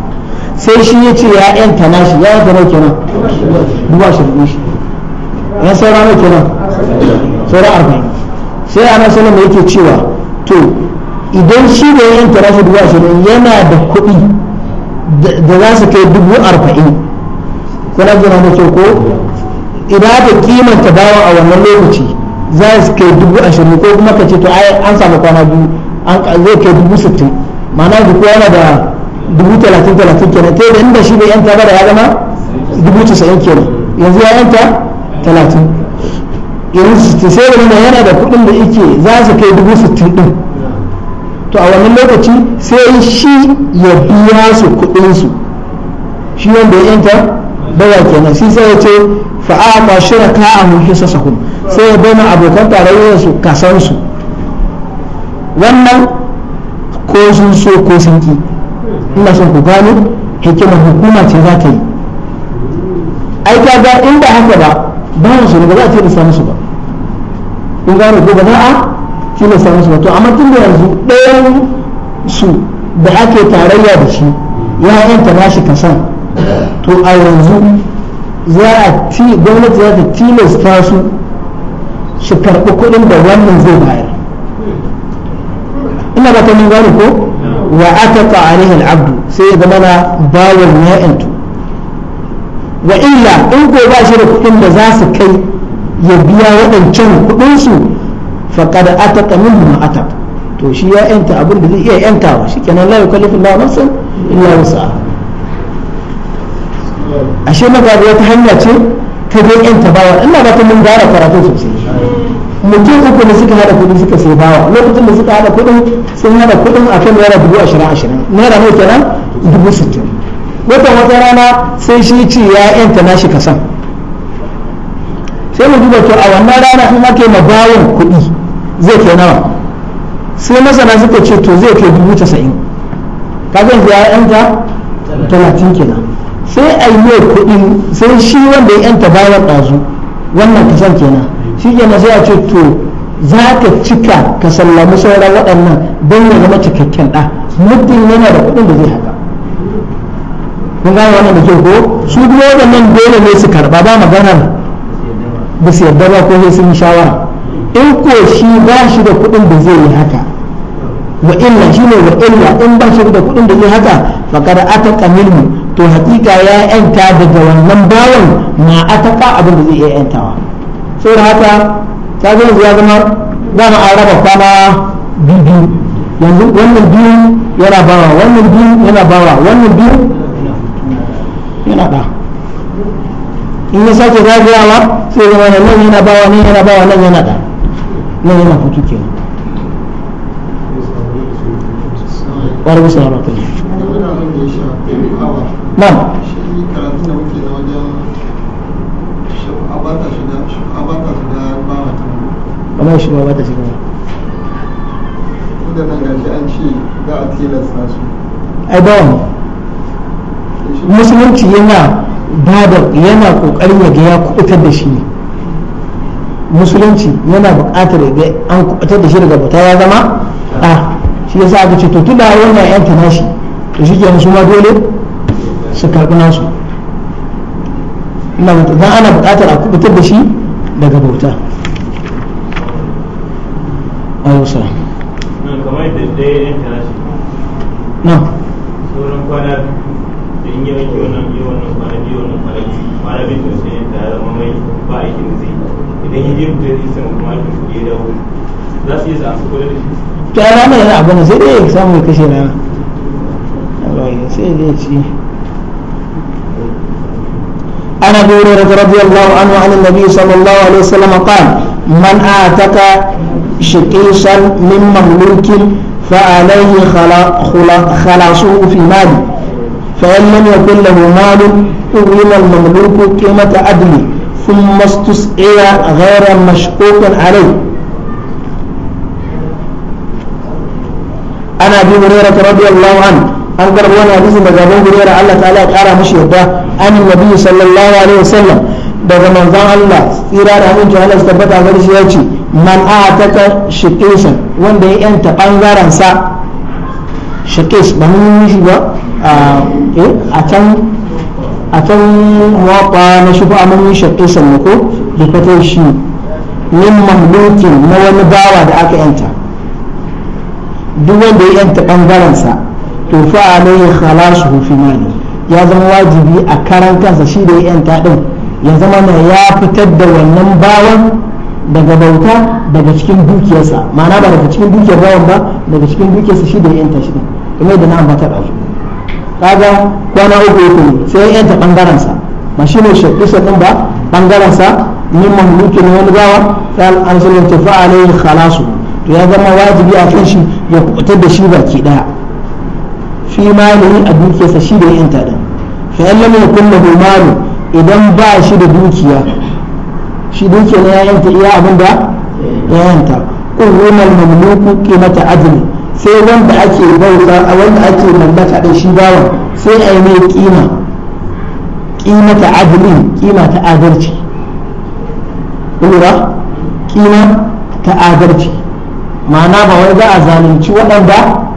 sai shi ya ce ya yanta nashi ya yanta nau kenan duba shi da shi ya sai nau kenan saura arba'in sai nan salama yake cewa to idan shi da ya yanta nashi duba shi yana da kuɗi da za su kai dubu arba'in kuna jira na ko idan aka kimanta bawa a wannan lokaci za su kai dubu ashirin ko kuma ka ce to an samu kwana biyu zai kai dubu sittin ma'ana duk yana da dubu talatin talatin kenan ta yadda inda shi bai yanta ba da ya zama dubu casa'in kenan yanzu ya yanta talatin yanzu sittin sai da yana da kuɗin da yake za su kai dubu sittin ɗin to a wannan lokaci sai shi ya biya su kuɗinsu shi wanda ya yanta bawa kenan shi sai ya ce fa'aqa shuraka'ahum hisasahum sai ya bai abokan tarayyar su kasansu wannan ko sun so ko sun ki ina son ku gano hikimar hukuma ce za ta yi ai ta ga inda haka ba ba su ba za a ce da samu su ba kun gano ko ba za a ce da samu su ba to amma tun da yanzu ɗayan su da ake tarayya da shi ya yanta nashi kasan to a yanzu za a ci gwamnati za ta tilasta su su karɓi kuɗin da wannan zai bayar ina ba ta mun gano ko wa ataka alaihi al'abdu sai ya zama na bawon ya wa illa in ko ba shi da kuɗin da za su kai ya biya waɗancan kuɗinsu faƙada ataka min ma ataka to shi ya yanta abin da zai iya yantawa shi kenan la yukallifu la nafsan illa wusa ashe magana wata hanya ce ta dai yanta bawa ina ba ta mun gara karatu sosai mutum uku da suka hada kudi suka sai bawa lokacin da suka hada kudin sun hada kudin kan naira dubu ashirin ashirin naira mai kenan dubu sittin wata wata rana sai shi ci ya yanta nashi kasan sai mu duba to a wannan rana in ake ma bawan kudi zai kai nawa sai masana suka ce to zai kai dubu casa'in ka zan ya yanta talatin kenan sai a yi kudin sai shi wanda ya yanta bawan ɗazu wannan kasan kenan shi ke sai a ce to za ka cika ka sallami sauran waɗannan don ya zama cikakken ɗa muddin yana da kuɗin da zai haka kun gane wannan da ke ko su kuma waɗannan dole ne su karɓa ba magana ba su yarda ba ko sai sun shawara in ko shi ba shi da kuɗin da zai yi haka wa illa shi ne wa illa in ba shi da kuɗin da zai haka fakar ata kamilu to hakika ya yanta daga wannan bawan ma ataka abin da zai iya yantawa sai haka ta yanzu ya zama dama an raba kwana biyu yanzu wannan biyu yana bawa wannan biyu yana bawa wannan biyu yana ba in ya sake zagayawa sai zama nan yana bawa nan yana bawa nan yana da nan yana fito ke ورب السلام عليكم نعم amma shi ba ta shiga da nan gashi an ce za a tilasta su ai ba musulunci yana babar yana kokarin ya ga ya kubutar da shi musulunci yana buƙatar ya ga an kubutar da shi daga bauta ya zama a shi yasa aka ce to tunda wannan ta nashi to shi ke musu ma dole su karɓi nasu ina mutu, ana buƙatar a kubutar da shi daga bauta alaihi wasallam kamar da dai yan tarashi na sauran kwana da in yi wannan biyu wannan kwana biyu wannan kwana biyu kwana biyu sai ta zama mai ba zai idan yi biyu kuma za su yi sa su kula da shi rana yana sai dai sai ci عن ابي هريره رضي الله عنه عن النبي صلى الله عليه وسلم قال من اعتق شقيصا من مملوك فعليه خلاصه في ماله فإن لم يكن له مال أغنى المملوك قيمة عدله ثم استسعي غير مشقوق عليه أنا أبي هريرة رضي الله عنه أنكر وانا حديث من أبو هريرة الله تعالى قال مش عن النبي صلى الله عليه وسلم daga manzan Allah tsira da aminci Allah su tabbata gari shi ya ce man ataka shiqisan wanda ya yanta bangaren sa shiqis ba mun shi ba eh, a can a can na shi ba mun shiqisan ne ko da fata shi min mahlukin na wani bawa da aka yanta duk wanda ya yanta bangaren sa to fa alaihi khalasuhu fi mali ya zama wajibi a karanta shi da ya yanta din ya zama na ya fitar da wannan bawan daga bauta daga cikin dukiyarsa ma'ana ba daga cikin dukiyar bawan ba daga cikin dukiyarsa shi da yanta shi kuma da na ambata da su kaga kwana uku uku sai ya yanta bangaren sa ba shi ne shakkisa din ba bangaren sa min mamluki ne wani bawa sai al-anzalun tafa alayhi khalasu to ya zama wajibi a kan shi ya kubutar da shi baki daya fi malihi a dukiyarsa shi da yanta din fa in lam yakun lahu malu idan ba shi da dukiya shi dukiya na yayanta iya abin da yayanta ƙurrunar mamluku kimata ajli sai wanda ake bauta wanda ake mallaka da shi bawan sai a yi mai kima qimata ajli kima ta adalci lura kima ta adalci ma'ana ba wai za a zalunci waɗanda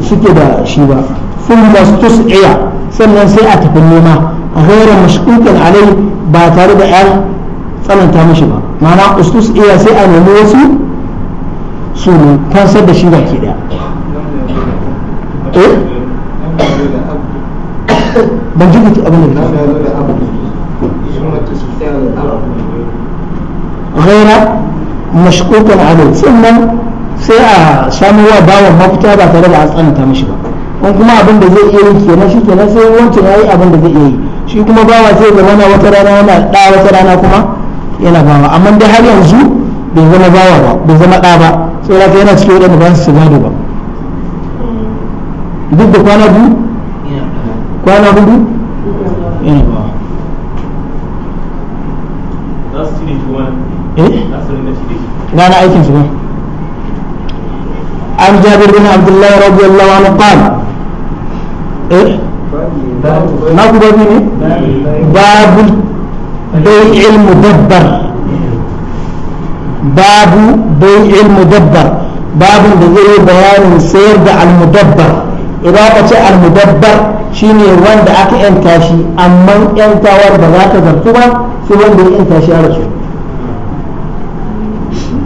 suke da shi ba sun mastus iya sannan sai a tafi nema غير مشكوك عليه ba tare da yan tsananta mashi ba ma'ana ustus iya sai a nemi wasu su fansar da shi ba ban ji abin da sannan sai a samu wa bawan mafita ba tare da a tsananta mashi ba kuma abin da zai iya yi kenan shi kenan sai wancan ya yi abin da zai iya yi shi kuma bawa zai zama na wata rana yana da wata rana kuma yana bawa amma dai har yanzu bai zama bawa ba bai zama da ba sai da yana cikin wadanda ba su gado ba duk da kwana biyu kwana hudu yana bawa gane eh? aikin su ba an jabir bin abdullahi radiyallahu anhu qala eh? na ku ne babu bai ilmu dabbar babu bai ilmu dabbar babin da zai bayanin sayar da almudabbar idan aka ce almudabbar shine wanda aka yanta shi amma yantawar ba za ta zartu ba sai wanda ya yanta shi ya rasu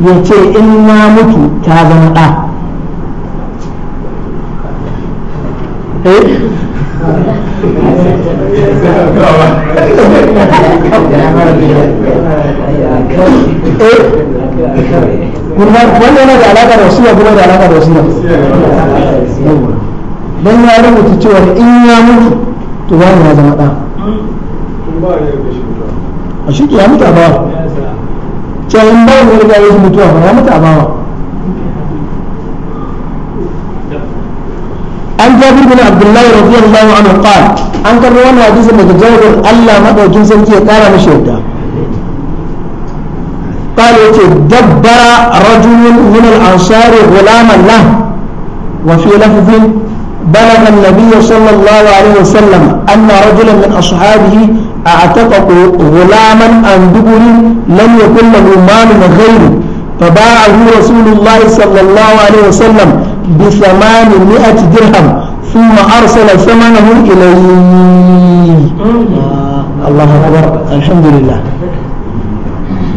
ya ce in na mutu ta zama ɗa eh? wanda yana da alaƙa da wasiya kuma da alaƙa da wasiya don ya rubuta cewa in ya mutu to ba ya zama ɗa a shi ya mutu a bawa cewa in ba ya riga ya mutuwa ba ya mutu a bawa عن جابر بن عبد الله رضي الله عنه قال عن hadisin daga jabir Allah ألا sarki ya kara mishi مشهدا قال دبر رجل من الأنصار غلاما له وفي لفظ بلغ النبي صلى الله عليه وسلم أن رجلا من أصحابه اعتقق غلاما عن دبر لم يكن له مال غيره فباعه رسول الله صلى الله عليه وسلم بثمانمائة درهم ثم أرسل ثمنه إليه الله أكبر الحمد لله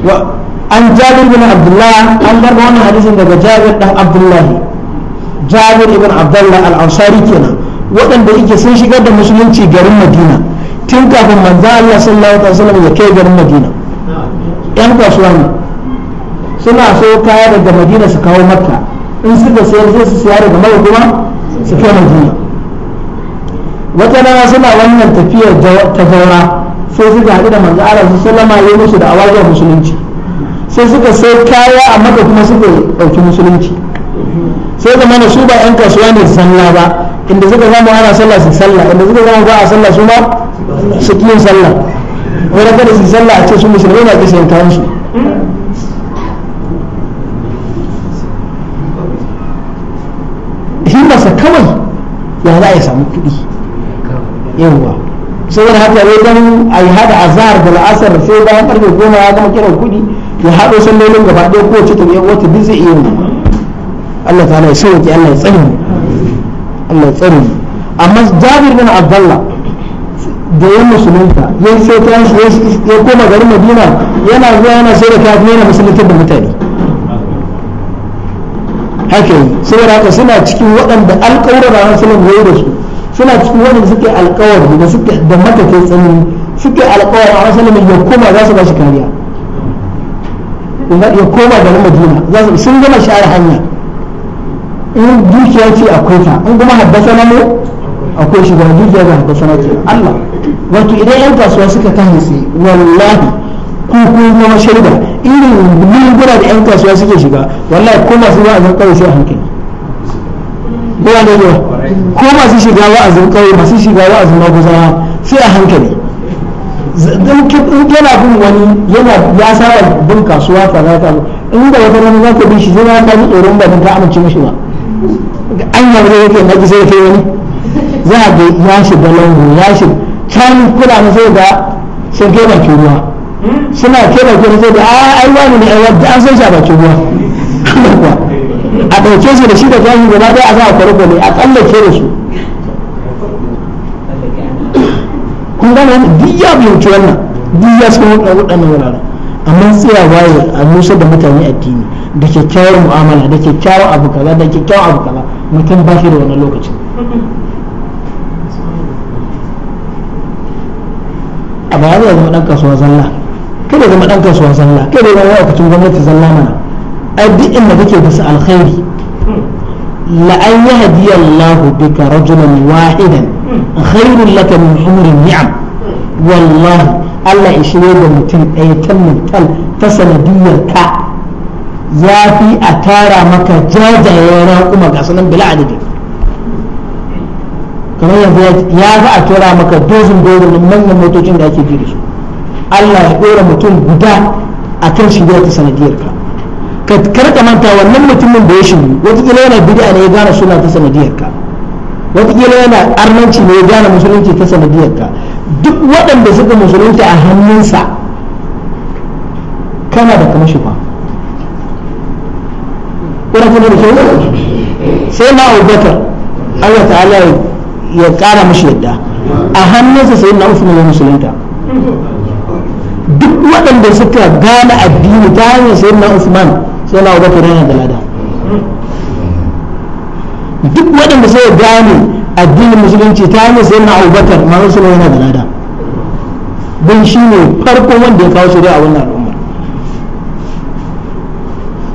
وأن جابر بن عبد الله أن بربون حديث عند جابر بن عبد الله جابر بن عبد الله الأنصاري كنا وأن بيجي سنشي قد مسلم في جرم مدينة تنكا من ذا الله صلى الله عليه وسلم يكي جرم مدينة ينقص لنا suna so kaya daga madina su kawo makka in suka sayar sai su siya da mai kuma su kai madina wata rana suna wannan tafiyar ta jaura sai suka haɗu da manzo Allah su sallama ya musu da awajar musulunci sai suka sai kaya a maka kuma suka ɗauki musulunci sai da mana su ba 'yan kasuwa ne sallah ba inda suka zama ana sallah su sallah inda suka zama ba a sallah su ma su kiyin sallah wani kada su sallah a ce su musulmai na kisa yin kayan damuwarsa kawai ya za a samu kuɗi yawwa saboda haka wai dan a yi hada azhar da la'asar sai bayan karfe goma ya gama kiran kuɗi ya haɗo sallolin gaba ɗaya ko ta biyar wata duk zai iya wannan Allah ta'ala ya sauke Allah ya tsare mu Allah ya tsare mu amma Jabir bin Abdullah da yan musulunta ya sai ta ya koma garin Madina yana zuwa yana sai da kafin yana musulunta da mutane ake yi saboda haka suna cikin waɗanda alƙawar ranar an ya yi da su suna cikin waɗanda suke alƙawar da suke da maka ke tsanani suke alƙawarin ranar sulhun ya koma za su ba shi kariya ya koma garin madina za su sun gama share hanya in dukiya ce akwai ta in kuma haddasa na mu akwai shi ga dukiya ga haddasa na ce Allah wato idan 'yan kasuwa suka tahi sai wallahi ku kun zama irin da 'yan kasuwa suke shiga wallahi ko masu kawai sai hankali ne ko masu shiga a hankali in yana bin wani yana ya saba bin kasuwa in da wata rana za ka bi shi zai tsoron ba ta amince ba an yi wani yake maki sai kai wani za a ga ya shiga lango ya shiga can kuna na sai ga ruwa suna kira kira sai da ah, ai wani ne ai da an san shi a bakin ruwa a ɗauke su da shi da gashi gaba ɗaya a za a kwarkwale a tsallake da su kun gane wani duk ya fahimci wannan duk ya san waɗannan wuraren amma tsira waye a musa da mutane addini da kyakkyawar mu'amala da kyakkyawar abu kaza da kyakkyawar abu kaza mutum ba shi da wannan lokacin a bayan zama ɗan kasuwa zalla kada zama dan kasuwa zalla kada zama wakacin gwamnati zalla mana ai duk inda kake bisa alkhairi la an yahdi Allah bika rajulan wahidan khairul laka min umrin ni'am wallahi Allah ya shirye da mutum ɗaya tan mutal ta sanadiyar ka ya fi a tara maka jajayen raƙuma ga sanan bila adadi kamar yanzu ya fi a tara maka dozin dozin manyan motocin da ake ji da su Allah ya ɗora mutum guda a kan shi ta sanadiyar ka kar ka manta wannan mutumin da ya wata watakila yana bid'a ne ya gane suna ta sanadiyar ka watakila yana armanci ne ya gane musulunci ta sanadiyar ka duk waɗanda suka musulunci a hannunsa kana da kuma shi ba kuna kuma da kyau sai na abubakar Allah ta'ala ya kara mashi yadda a hannunsa sai na usman ya musulunta duk waɗanda suka gane addini ta hanyar sayi na usman sai na abubakar yana da lada duk waɗanda suka gane addinin musulunci ta hanyar sayi na abubakar manzon sulwa yana da lada don shi ne farkon wanda ya kawo shari'a wannan al'ummar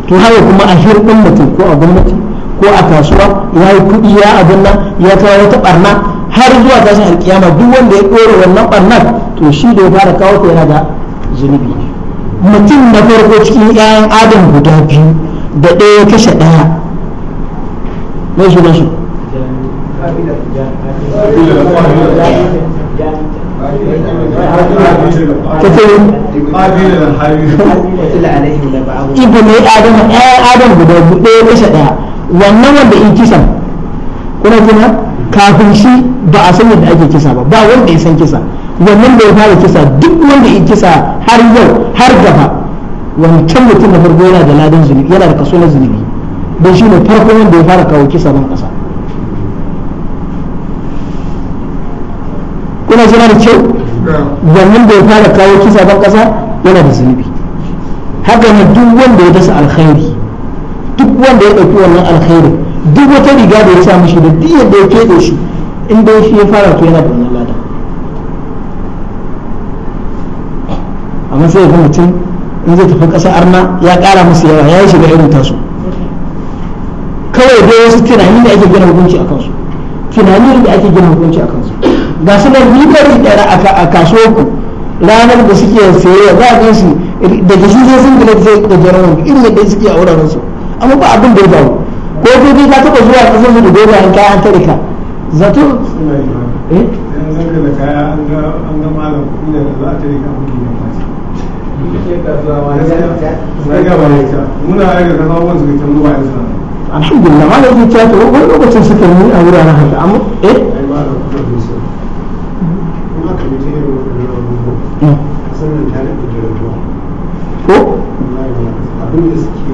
to haka kuma a hirɗin mutum ko a gwamnati ko a kasuwa ya yi kuɗi ya abin nan ya kawo wata ɓarna har zuwa tashin alkiyama duk wanda ya ɗora wannan ɓarnar to shi da ya fara kawo ko yana da zunubi mutum na farko cikin 'ya'yan adam guda biyu da ɗaya kashe ɗaya mai su da su ibu ne adam ɗaya adam guda biyu ɗaya kashe ɗaya wannan wanda in kisa kuna kuna kafin shi ba a san da ake kisa ba ba wanda ya san kisa wannan bai fara kisa duk wanda ya kisa har yau har gaba wancan mutum na farko yana da ladan zunubi yana da kaso na zunubi don shi ne farko wanda ya fara kawo kisa ban kasa kuna jira da kyau wannan bai fara kawo kisa ban kasa yana da zunubi haka ne duk wanda ya dasa alkhairi duk wanda ya ɗauki wannan alkhairi duk wata riga da ya sa mishi da duk yadda ya keɗe shi in dai shi ya fara to yana da amma sai ga mutum in zai tafi kasa arna ya ƙara musu yawa ya shiga irin tasu kawai dai wasu tunani da ake gina hukunci a kansu tunani da ake gina hukunci a kansu ga su nan ribari ɗara a kasuwarku ranar da suke sayayya za a gansu su daga su sai sun gina zai da jarabar irin da suke a wuraren su amma ba abin da ya bawo ko dai dai ka taɓa zuwa ƙasar su da dogayen kayan tare ka zato eh an ga an ga malam inda za ta rika alhamdulillah ma da zuciya ta wani lokacin suka yi a wuraren haka amma eh ko hmm. abin da suke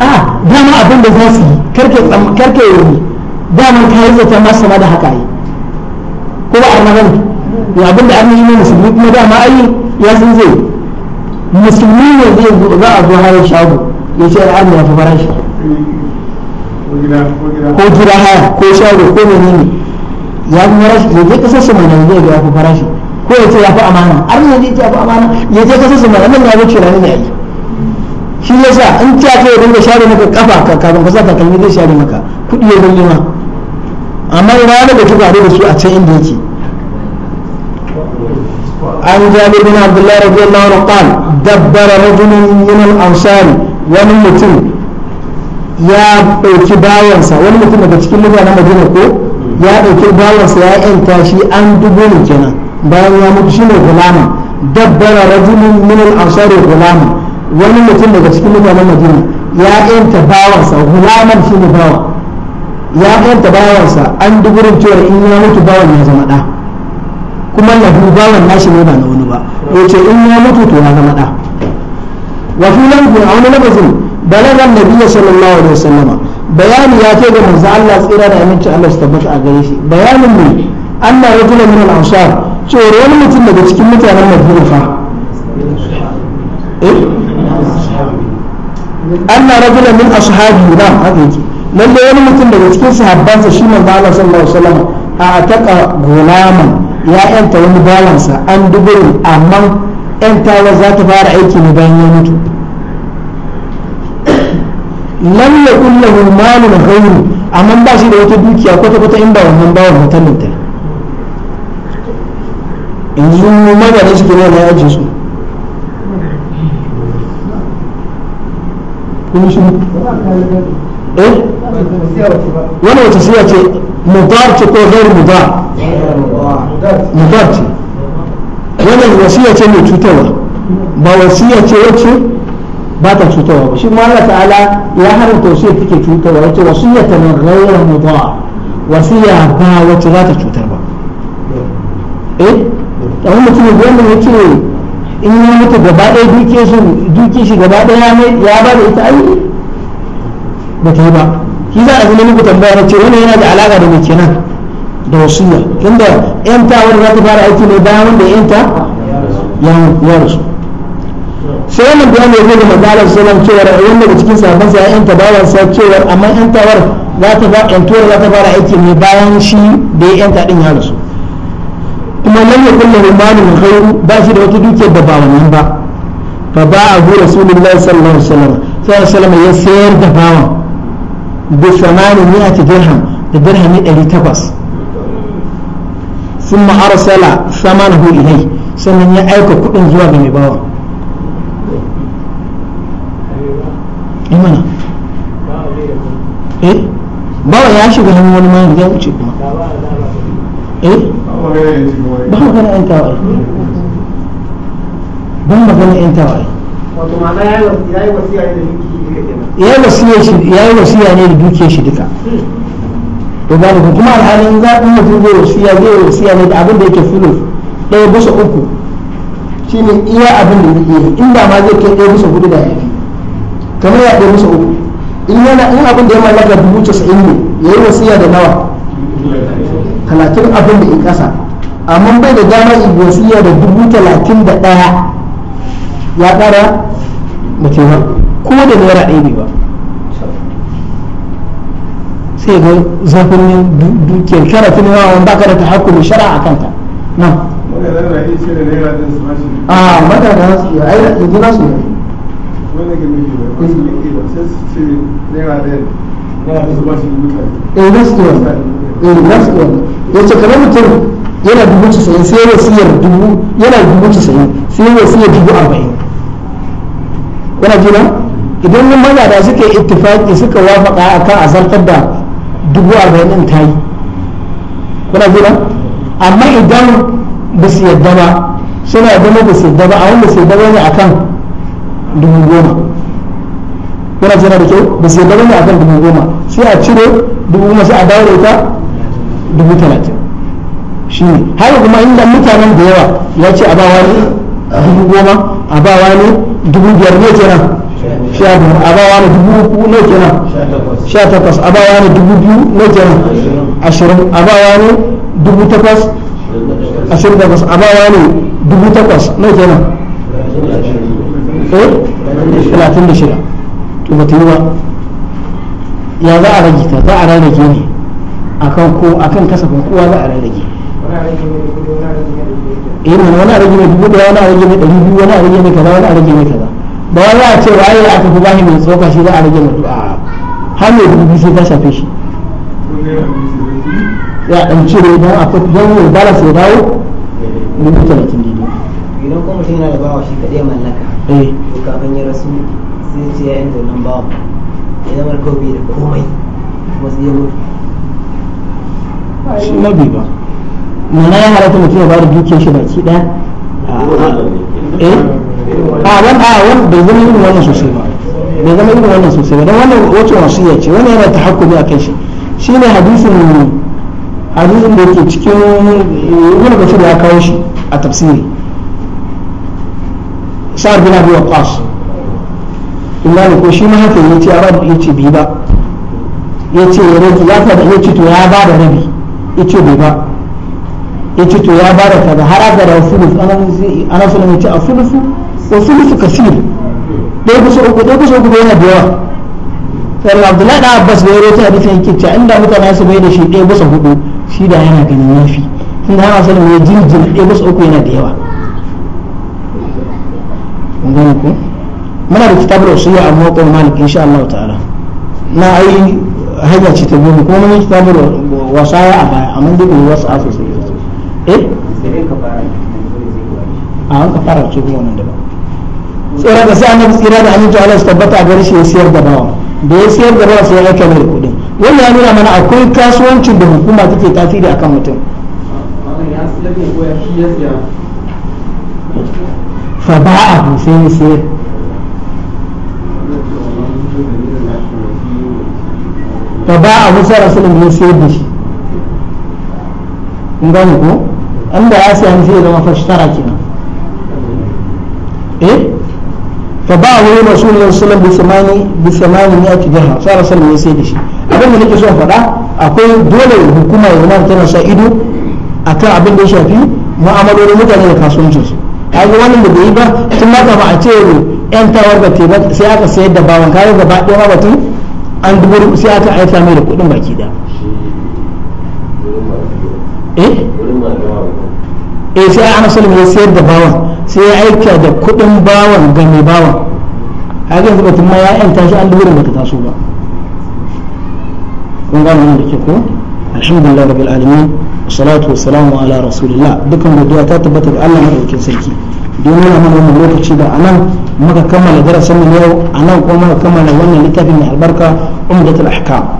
ah, dama abin da za su yi karke karke yi dama ka yi zata masana da haka yi ko ba arna bane ya abin da ne musulmi kuma ma ai ya san zai musulmi ne zai za a zo har shago ya ce arna ya fi farashi ko gida haya ko shago ko menene ya fi farashi ya je kasar su mana zai ga ya fi farashi ko ya ce ya fi amana arna ne ya fi amana ya je kasar su mana nan ya wuce ranar ya yi shi yasa in ta ce ya dinga share maka kafa ka kafin ka sa takalmi zai share maka kuɗi ya dinga ma amma ranar da kuka haɗu da su a can inda yake an jami bin abdullahi radiyallahu anhu qal dabbara rajulun min al-ansari wani mutum ya ɗauki bawansa wani mutum daga cikin mutanen madina ko ya ɗauki bawansa ya yanta shi an dubo ne kenan bayan ya mutu ne gulama dabbara rajulun min al-ansari gulama wani mutum daga cikin mutanen madina ya yanta bawansa gulaman shine bawa ya yanta bawansa an duburin cewa in ya mutu bawan ya zama ɗa kuma na lahu bawan nashi ne ba na wani ba ya ce in ya mutu to ya zama ɗa wa fi lahu a wani lafazin balagan nabiyya sallallahu alaihi wasallama bayani ya ce ga manzo Allah tsira da aminci Allah su tabbata a gare shi bayanin ne an na tuna min al-ansar cewa wani mutum daga cikin mutanen Madina fa eh Allah rajula min ashabi ba haka yake lalle wani mutum daga cikin sahabbansa shi manzo Allah sallallahu alaihi wasallam a taka gulaman ya yanta wani balansa an duburin amma yan tawa za ta fara aiki ne bayan ya mutu lam yakul lahu malun ghayru amma ba shi da wata dukiya kwata kwata in ba wannan bawan mutanen ta yanzu maganin shi kuma ya ajiye su kuma shi Eh? wani wace siya ce mudar ce ko gairu mudar mudar ce wannan wasiya ce mai cutarwa ba wasiya ce wacce ba ta cutarwa ba shi ma Allah ta'ala ya haramta wasiya take cutarwa wacce wasiya ta min ghairu mudar wasiya ba wacce za ta cutar ba eh amma mutum wanda ce in yi mutu gaba ɗaya duke shi gaba ɗaya ya ba da ita ai ba ta yi ba shi za a zama muku tambaya na ce wani yana da alaka da mai kenan da wasiya tunda yan ta wanda za ta fara aiki ne bayan wanda yan ta ya rasu sai wannan bayani ya zai manzalar sallam cewar wanda daga cikin sahabban sa yan ta bayan sa cewar amma yan tawar za ta fara yan tura za ta fara aiki ne bayan shi da yan ta din ya rasu kuma lam yakul lahu malun ghayru ba shi da wata dukiyar da ba wannan ba fa ba'ahu rasulullahi sallallahu alaihi wasallam sai sallallahu alaihi wasallam ya sayar da bawan bi samani mi'ati dirham da dirhami 800 sun ma'arsala samanahu ilai sannan ya aika kudin eh eh? ya shiga hannun wani mayan ya ya yi wasiya ne da duke shi duka to ba da kuma alhalin za a mutum zai wasiya zai wasiya ne da abin da yake fulus ɗaya bisa uku shi ne iya abin da yake yi inda ma zai kai ɗaya bisa hudu da yafi kamar ya ɗaya bisa uku in yana in abin da ya mallaka dubu casa'in ne ya yi wasiya da nawa talatin abin da ya kasa amma bai da dama in wasiya da dubu talatin da ɗaya ya ɗara mutum kuma da naira ɗaya ne ba sai ga zafin ne dukiyar karatu ne wawan baka da tahakkumi shara a kanta na a mata da su yi ai yanzu na su yi eh that's the one eh that's ya ce yace kamar mutum yana dubu casa'in sai wasiyar dubu yana dubu casa'in sai wasiyar dubu arba'in kuna ji na idan ni maza da suke ittifaki suka wafaka kan azartar da dubu arba'in ta yi kuna zira amma idan ba su yadda ba suna zama ba su yadda ba a wanda su yadda ne a kan dubu goma kuna zira da kyau ba su yadda ne kan dubu goma sai a cire dubu goma sai a dawo ta dubu talatin shi ne har kuma inda mutanen da yawa ya ce a ba wani dubu goma a ba wani dubu biyar ne kenan sha biyu a bawa na dubu uku na kenan sha takwas a bawa na dubu biyu na kenan ashirin a bawa ne dubu takwas ashirin takwas a bawa ne dubu takwas na kenan eh talatin da shida to ba ta ya za a rage ta za a rage ne akan ko akan kasafin kowa za a rage? eh wani a rage mai dubu daya wani a rage mai ɗari biyu wani a rage mai kaza wani a rage mai kaza ba wani a ce waye aka fi bashi mai tsoka shi za a rage mutu a har mai dubu sai ta shafe shi ya dan cire don a fit don mai bala sai dawo da talatin daidai idan kuma mutum yana da bawa shi kaɗai mallaka eh. to kafin ya rasu sai ce ya yanzu nan bawa ya zama kawai da komai kuma sai ya mutu shi na bi ba mana ya halatta mutum ya ba da dukiyar shi baki ɗaya eh a wani a wani bai zama irin wannan sosai ba bai zama irin wannan sosai ba don wannan wacce wasiya ce wannan yana ta hakkumi a kan shi shine hadisin hadisin da yake cikin wani ibn da ya kawo shi a tafsiri sa'ad bin abi waqas illa ko shi ma haka yace arab yace bi ba yace ya rage ya fada yace to ya ba da rabi yace bai ba ya ce to ya ba da har aka da fulus ana suna ne ce a sulusu ko sulusu kasir ɗaya kusa uku ɗaya kusa uku bai yana da yawa sai abdullahi da abbas bai rota da sai yake cewa inda mutane su bai da shi ɗaya kusa hudu shi da yana ganin yafi da ana suna mai jirgin ɗaya kusa uku yana da yawa muna da kitabar usuliya a mawakon malik insha Allah ta'ala na ai hanya ce ta biyu kuma mun yi da wasaya a baya amma duk wasu a sosai eh a an kafara ce kuma wannan daban tsira da sai yi tsira da aminci Allah su tabbata a gare shi ya siyar da bawa da ya siyar da bawa sai ya aika mai kuɗin wannan ya nuna mana akwai kasuwancin da hukuma take tasiri akan mutum fa ba ba'a sai ya siyar fa ba'a musa rasulun ya siyar da shi kun gane ko inda ya saya ne zai zama fashtara kenan eh fa ba wa rasulullahi sallallahu alaihi wasallam bi samani bi samani dirham sai rasulullahi ya sai da shi abin da nake so faɗa akwai dole hukuma ya zama tana sa ido a akan abin da ya shafi mu'amalolin mutane da kasuwancinsu kaga wannan da bai yi ba tun ba ba a ce yan tawar da teba sai aka sayar da bawan kayan gaba ɗaya ma batun an dubu sai aka aika mai da kuɗin baki da eh eh sai a salim ya sayar da bawan sai ya aika da kuɗin bawan ga mai bawan haka yanzu batun ma ya yanta tashi an duhurin bata taso ba kun gano da ke ko alhamdulillah rabbil alamin salatu wassalamu ala rasulillah dukan godiya ta tabbata ga Allah madaukakin sarki domin a nan wannan lokaci ba a muka kammala darasin mu yau a nan kuma muka kammala wannan littafin mai albarka umdatul ahkam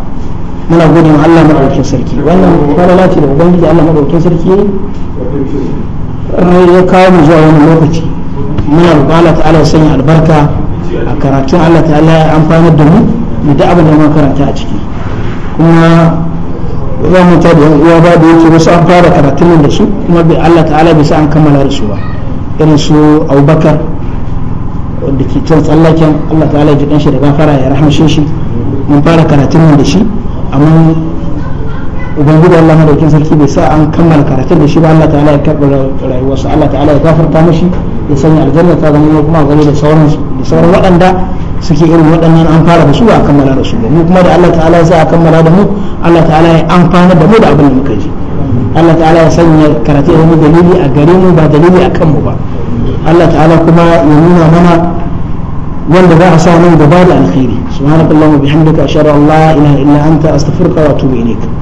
muna gode wa Allah madaukakin sarki wannan falala ce da ubangiji Allah madaukakin sarki ya kawo mu zuwa wani lokaci muna roƙon Allah ta'ala ya sanya albarka a karatun Allah ta'ala ya amfanar da mu mu da abin da muka karanta a ciki kuma za mu da yan uwa ba da yake wasu an fara karatun nan da su kuma bai Allah ta'ala bai sa an kammala da su ba irin su Abubakar wanda ke can tsallaken Allah ta'ala ya ji dan shi da gafara ya rahmashe shi mun fara karatun nan da shi amma ubangiji Allah madaukin sarki bai sa an kammala karatun da shi ba Allah ta'ala ya karɓi rayuwarsa Allah ta'ala ya gafarta mashi ya sanya aljanna ta zama kuma gani da sauran da sauran waɗanda suke irin waɗannan an fara da su ba a kammala da su ba mu kuma da Allah ta'ala ya sa a kammala da mu Allah ta'ala ya amfana da mu da abin da muka ji Allah ta'ala ya sanya karatun da mu dalili a gare mu ba dalili a kanmu ba Allah ta'ala kuma ya nuna mana wanda za a sa nan gaba da alkhairi subhanakallahumma bihamdika ashhadu an la ilaha illa anta astaghfiruka wa atubu ilaik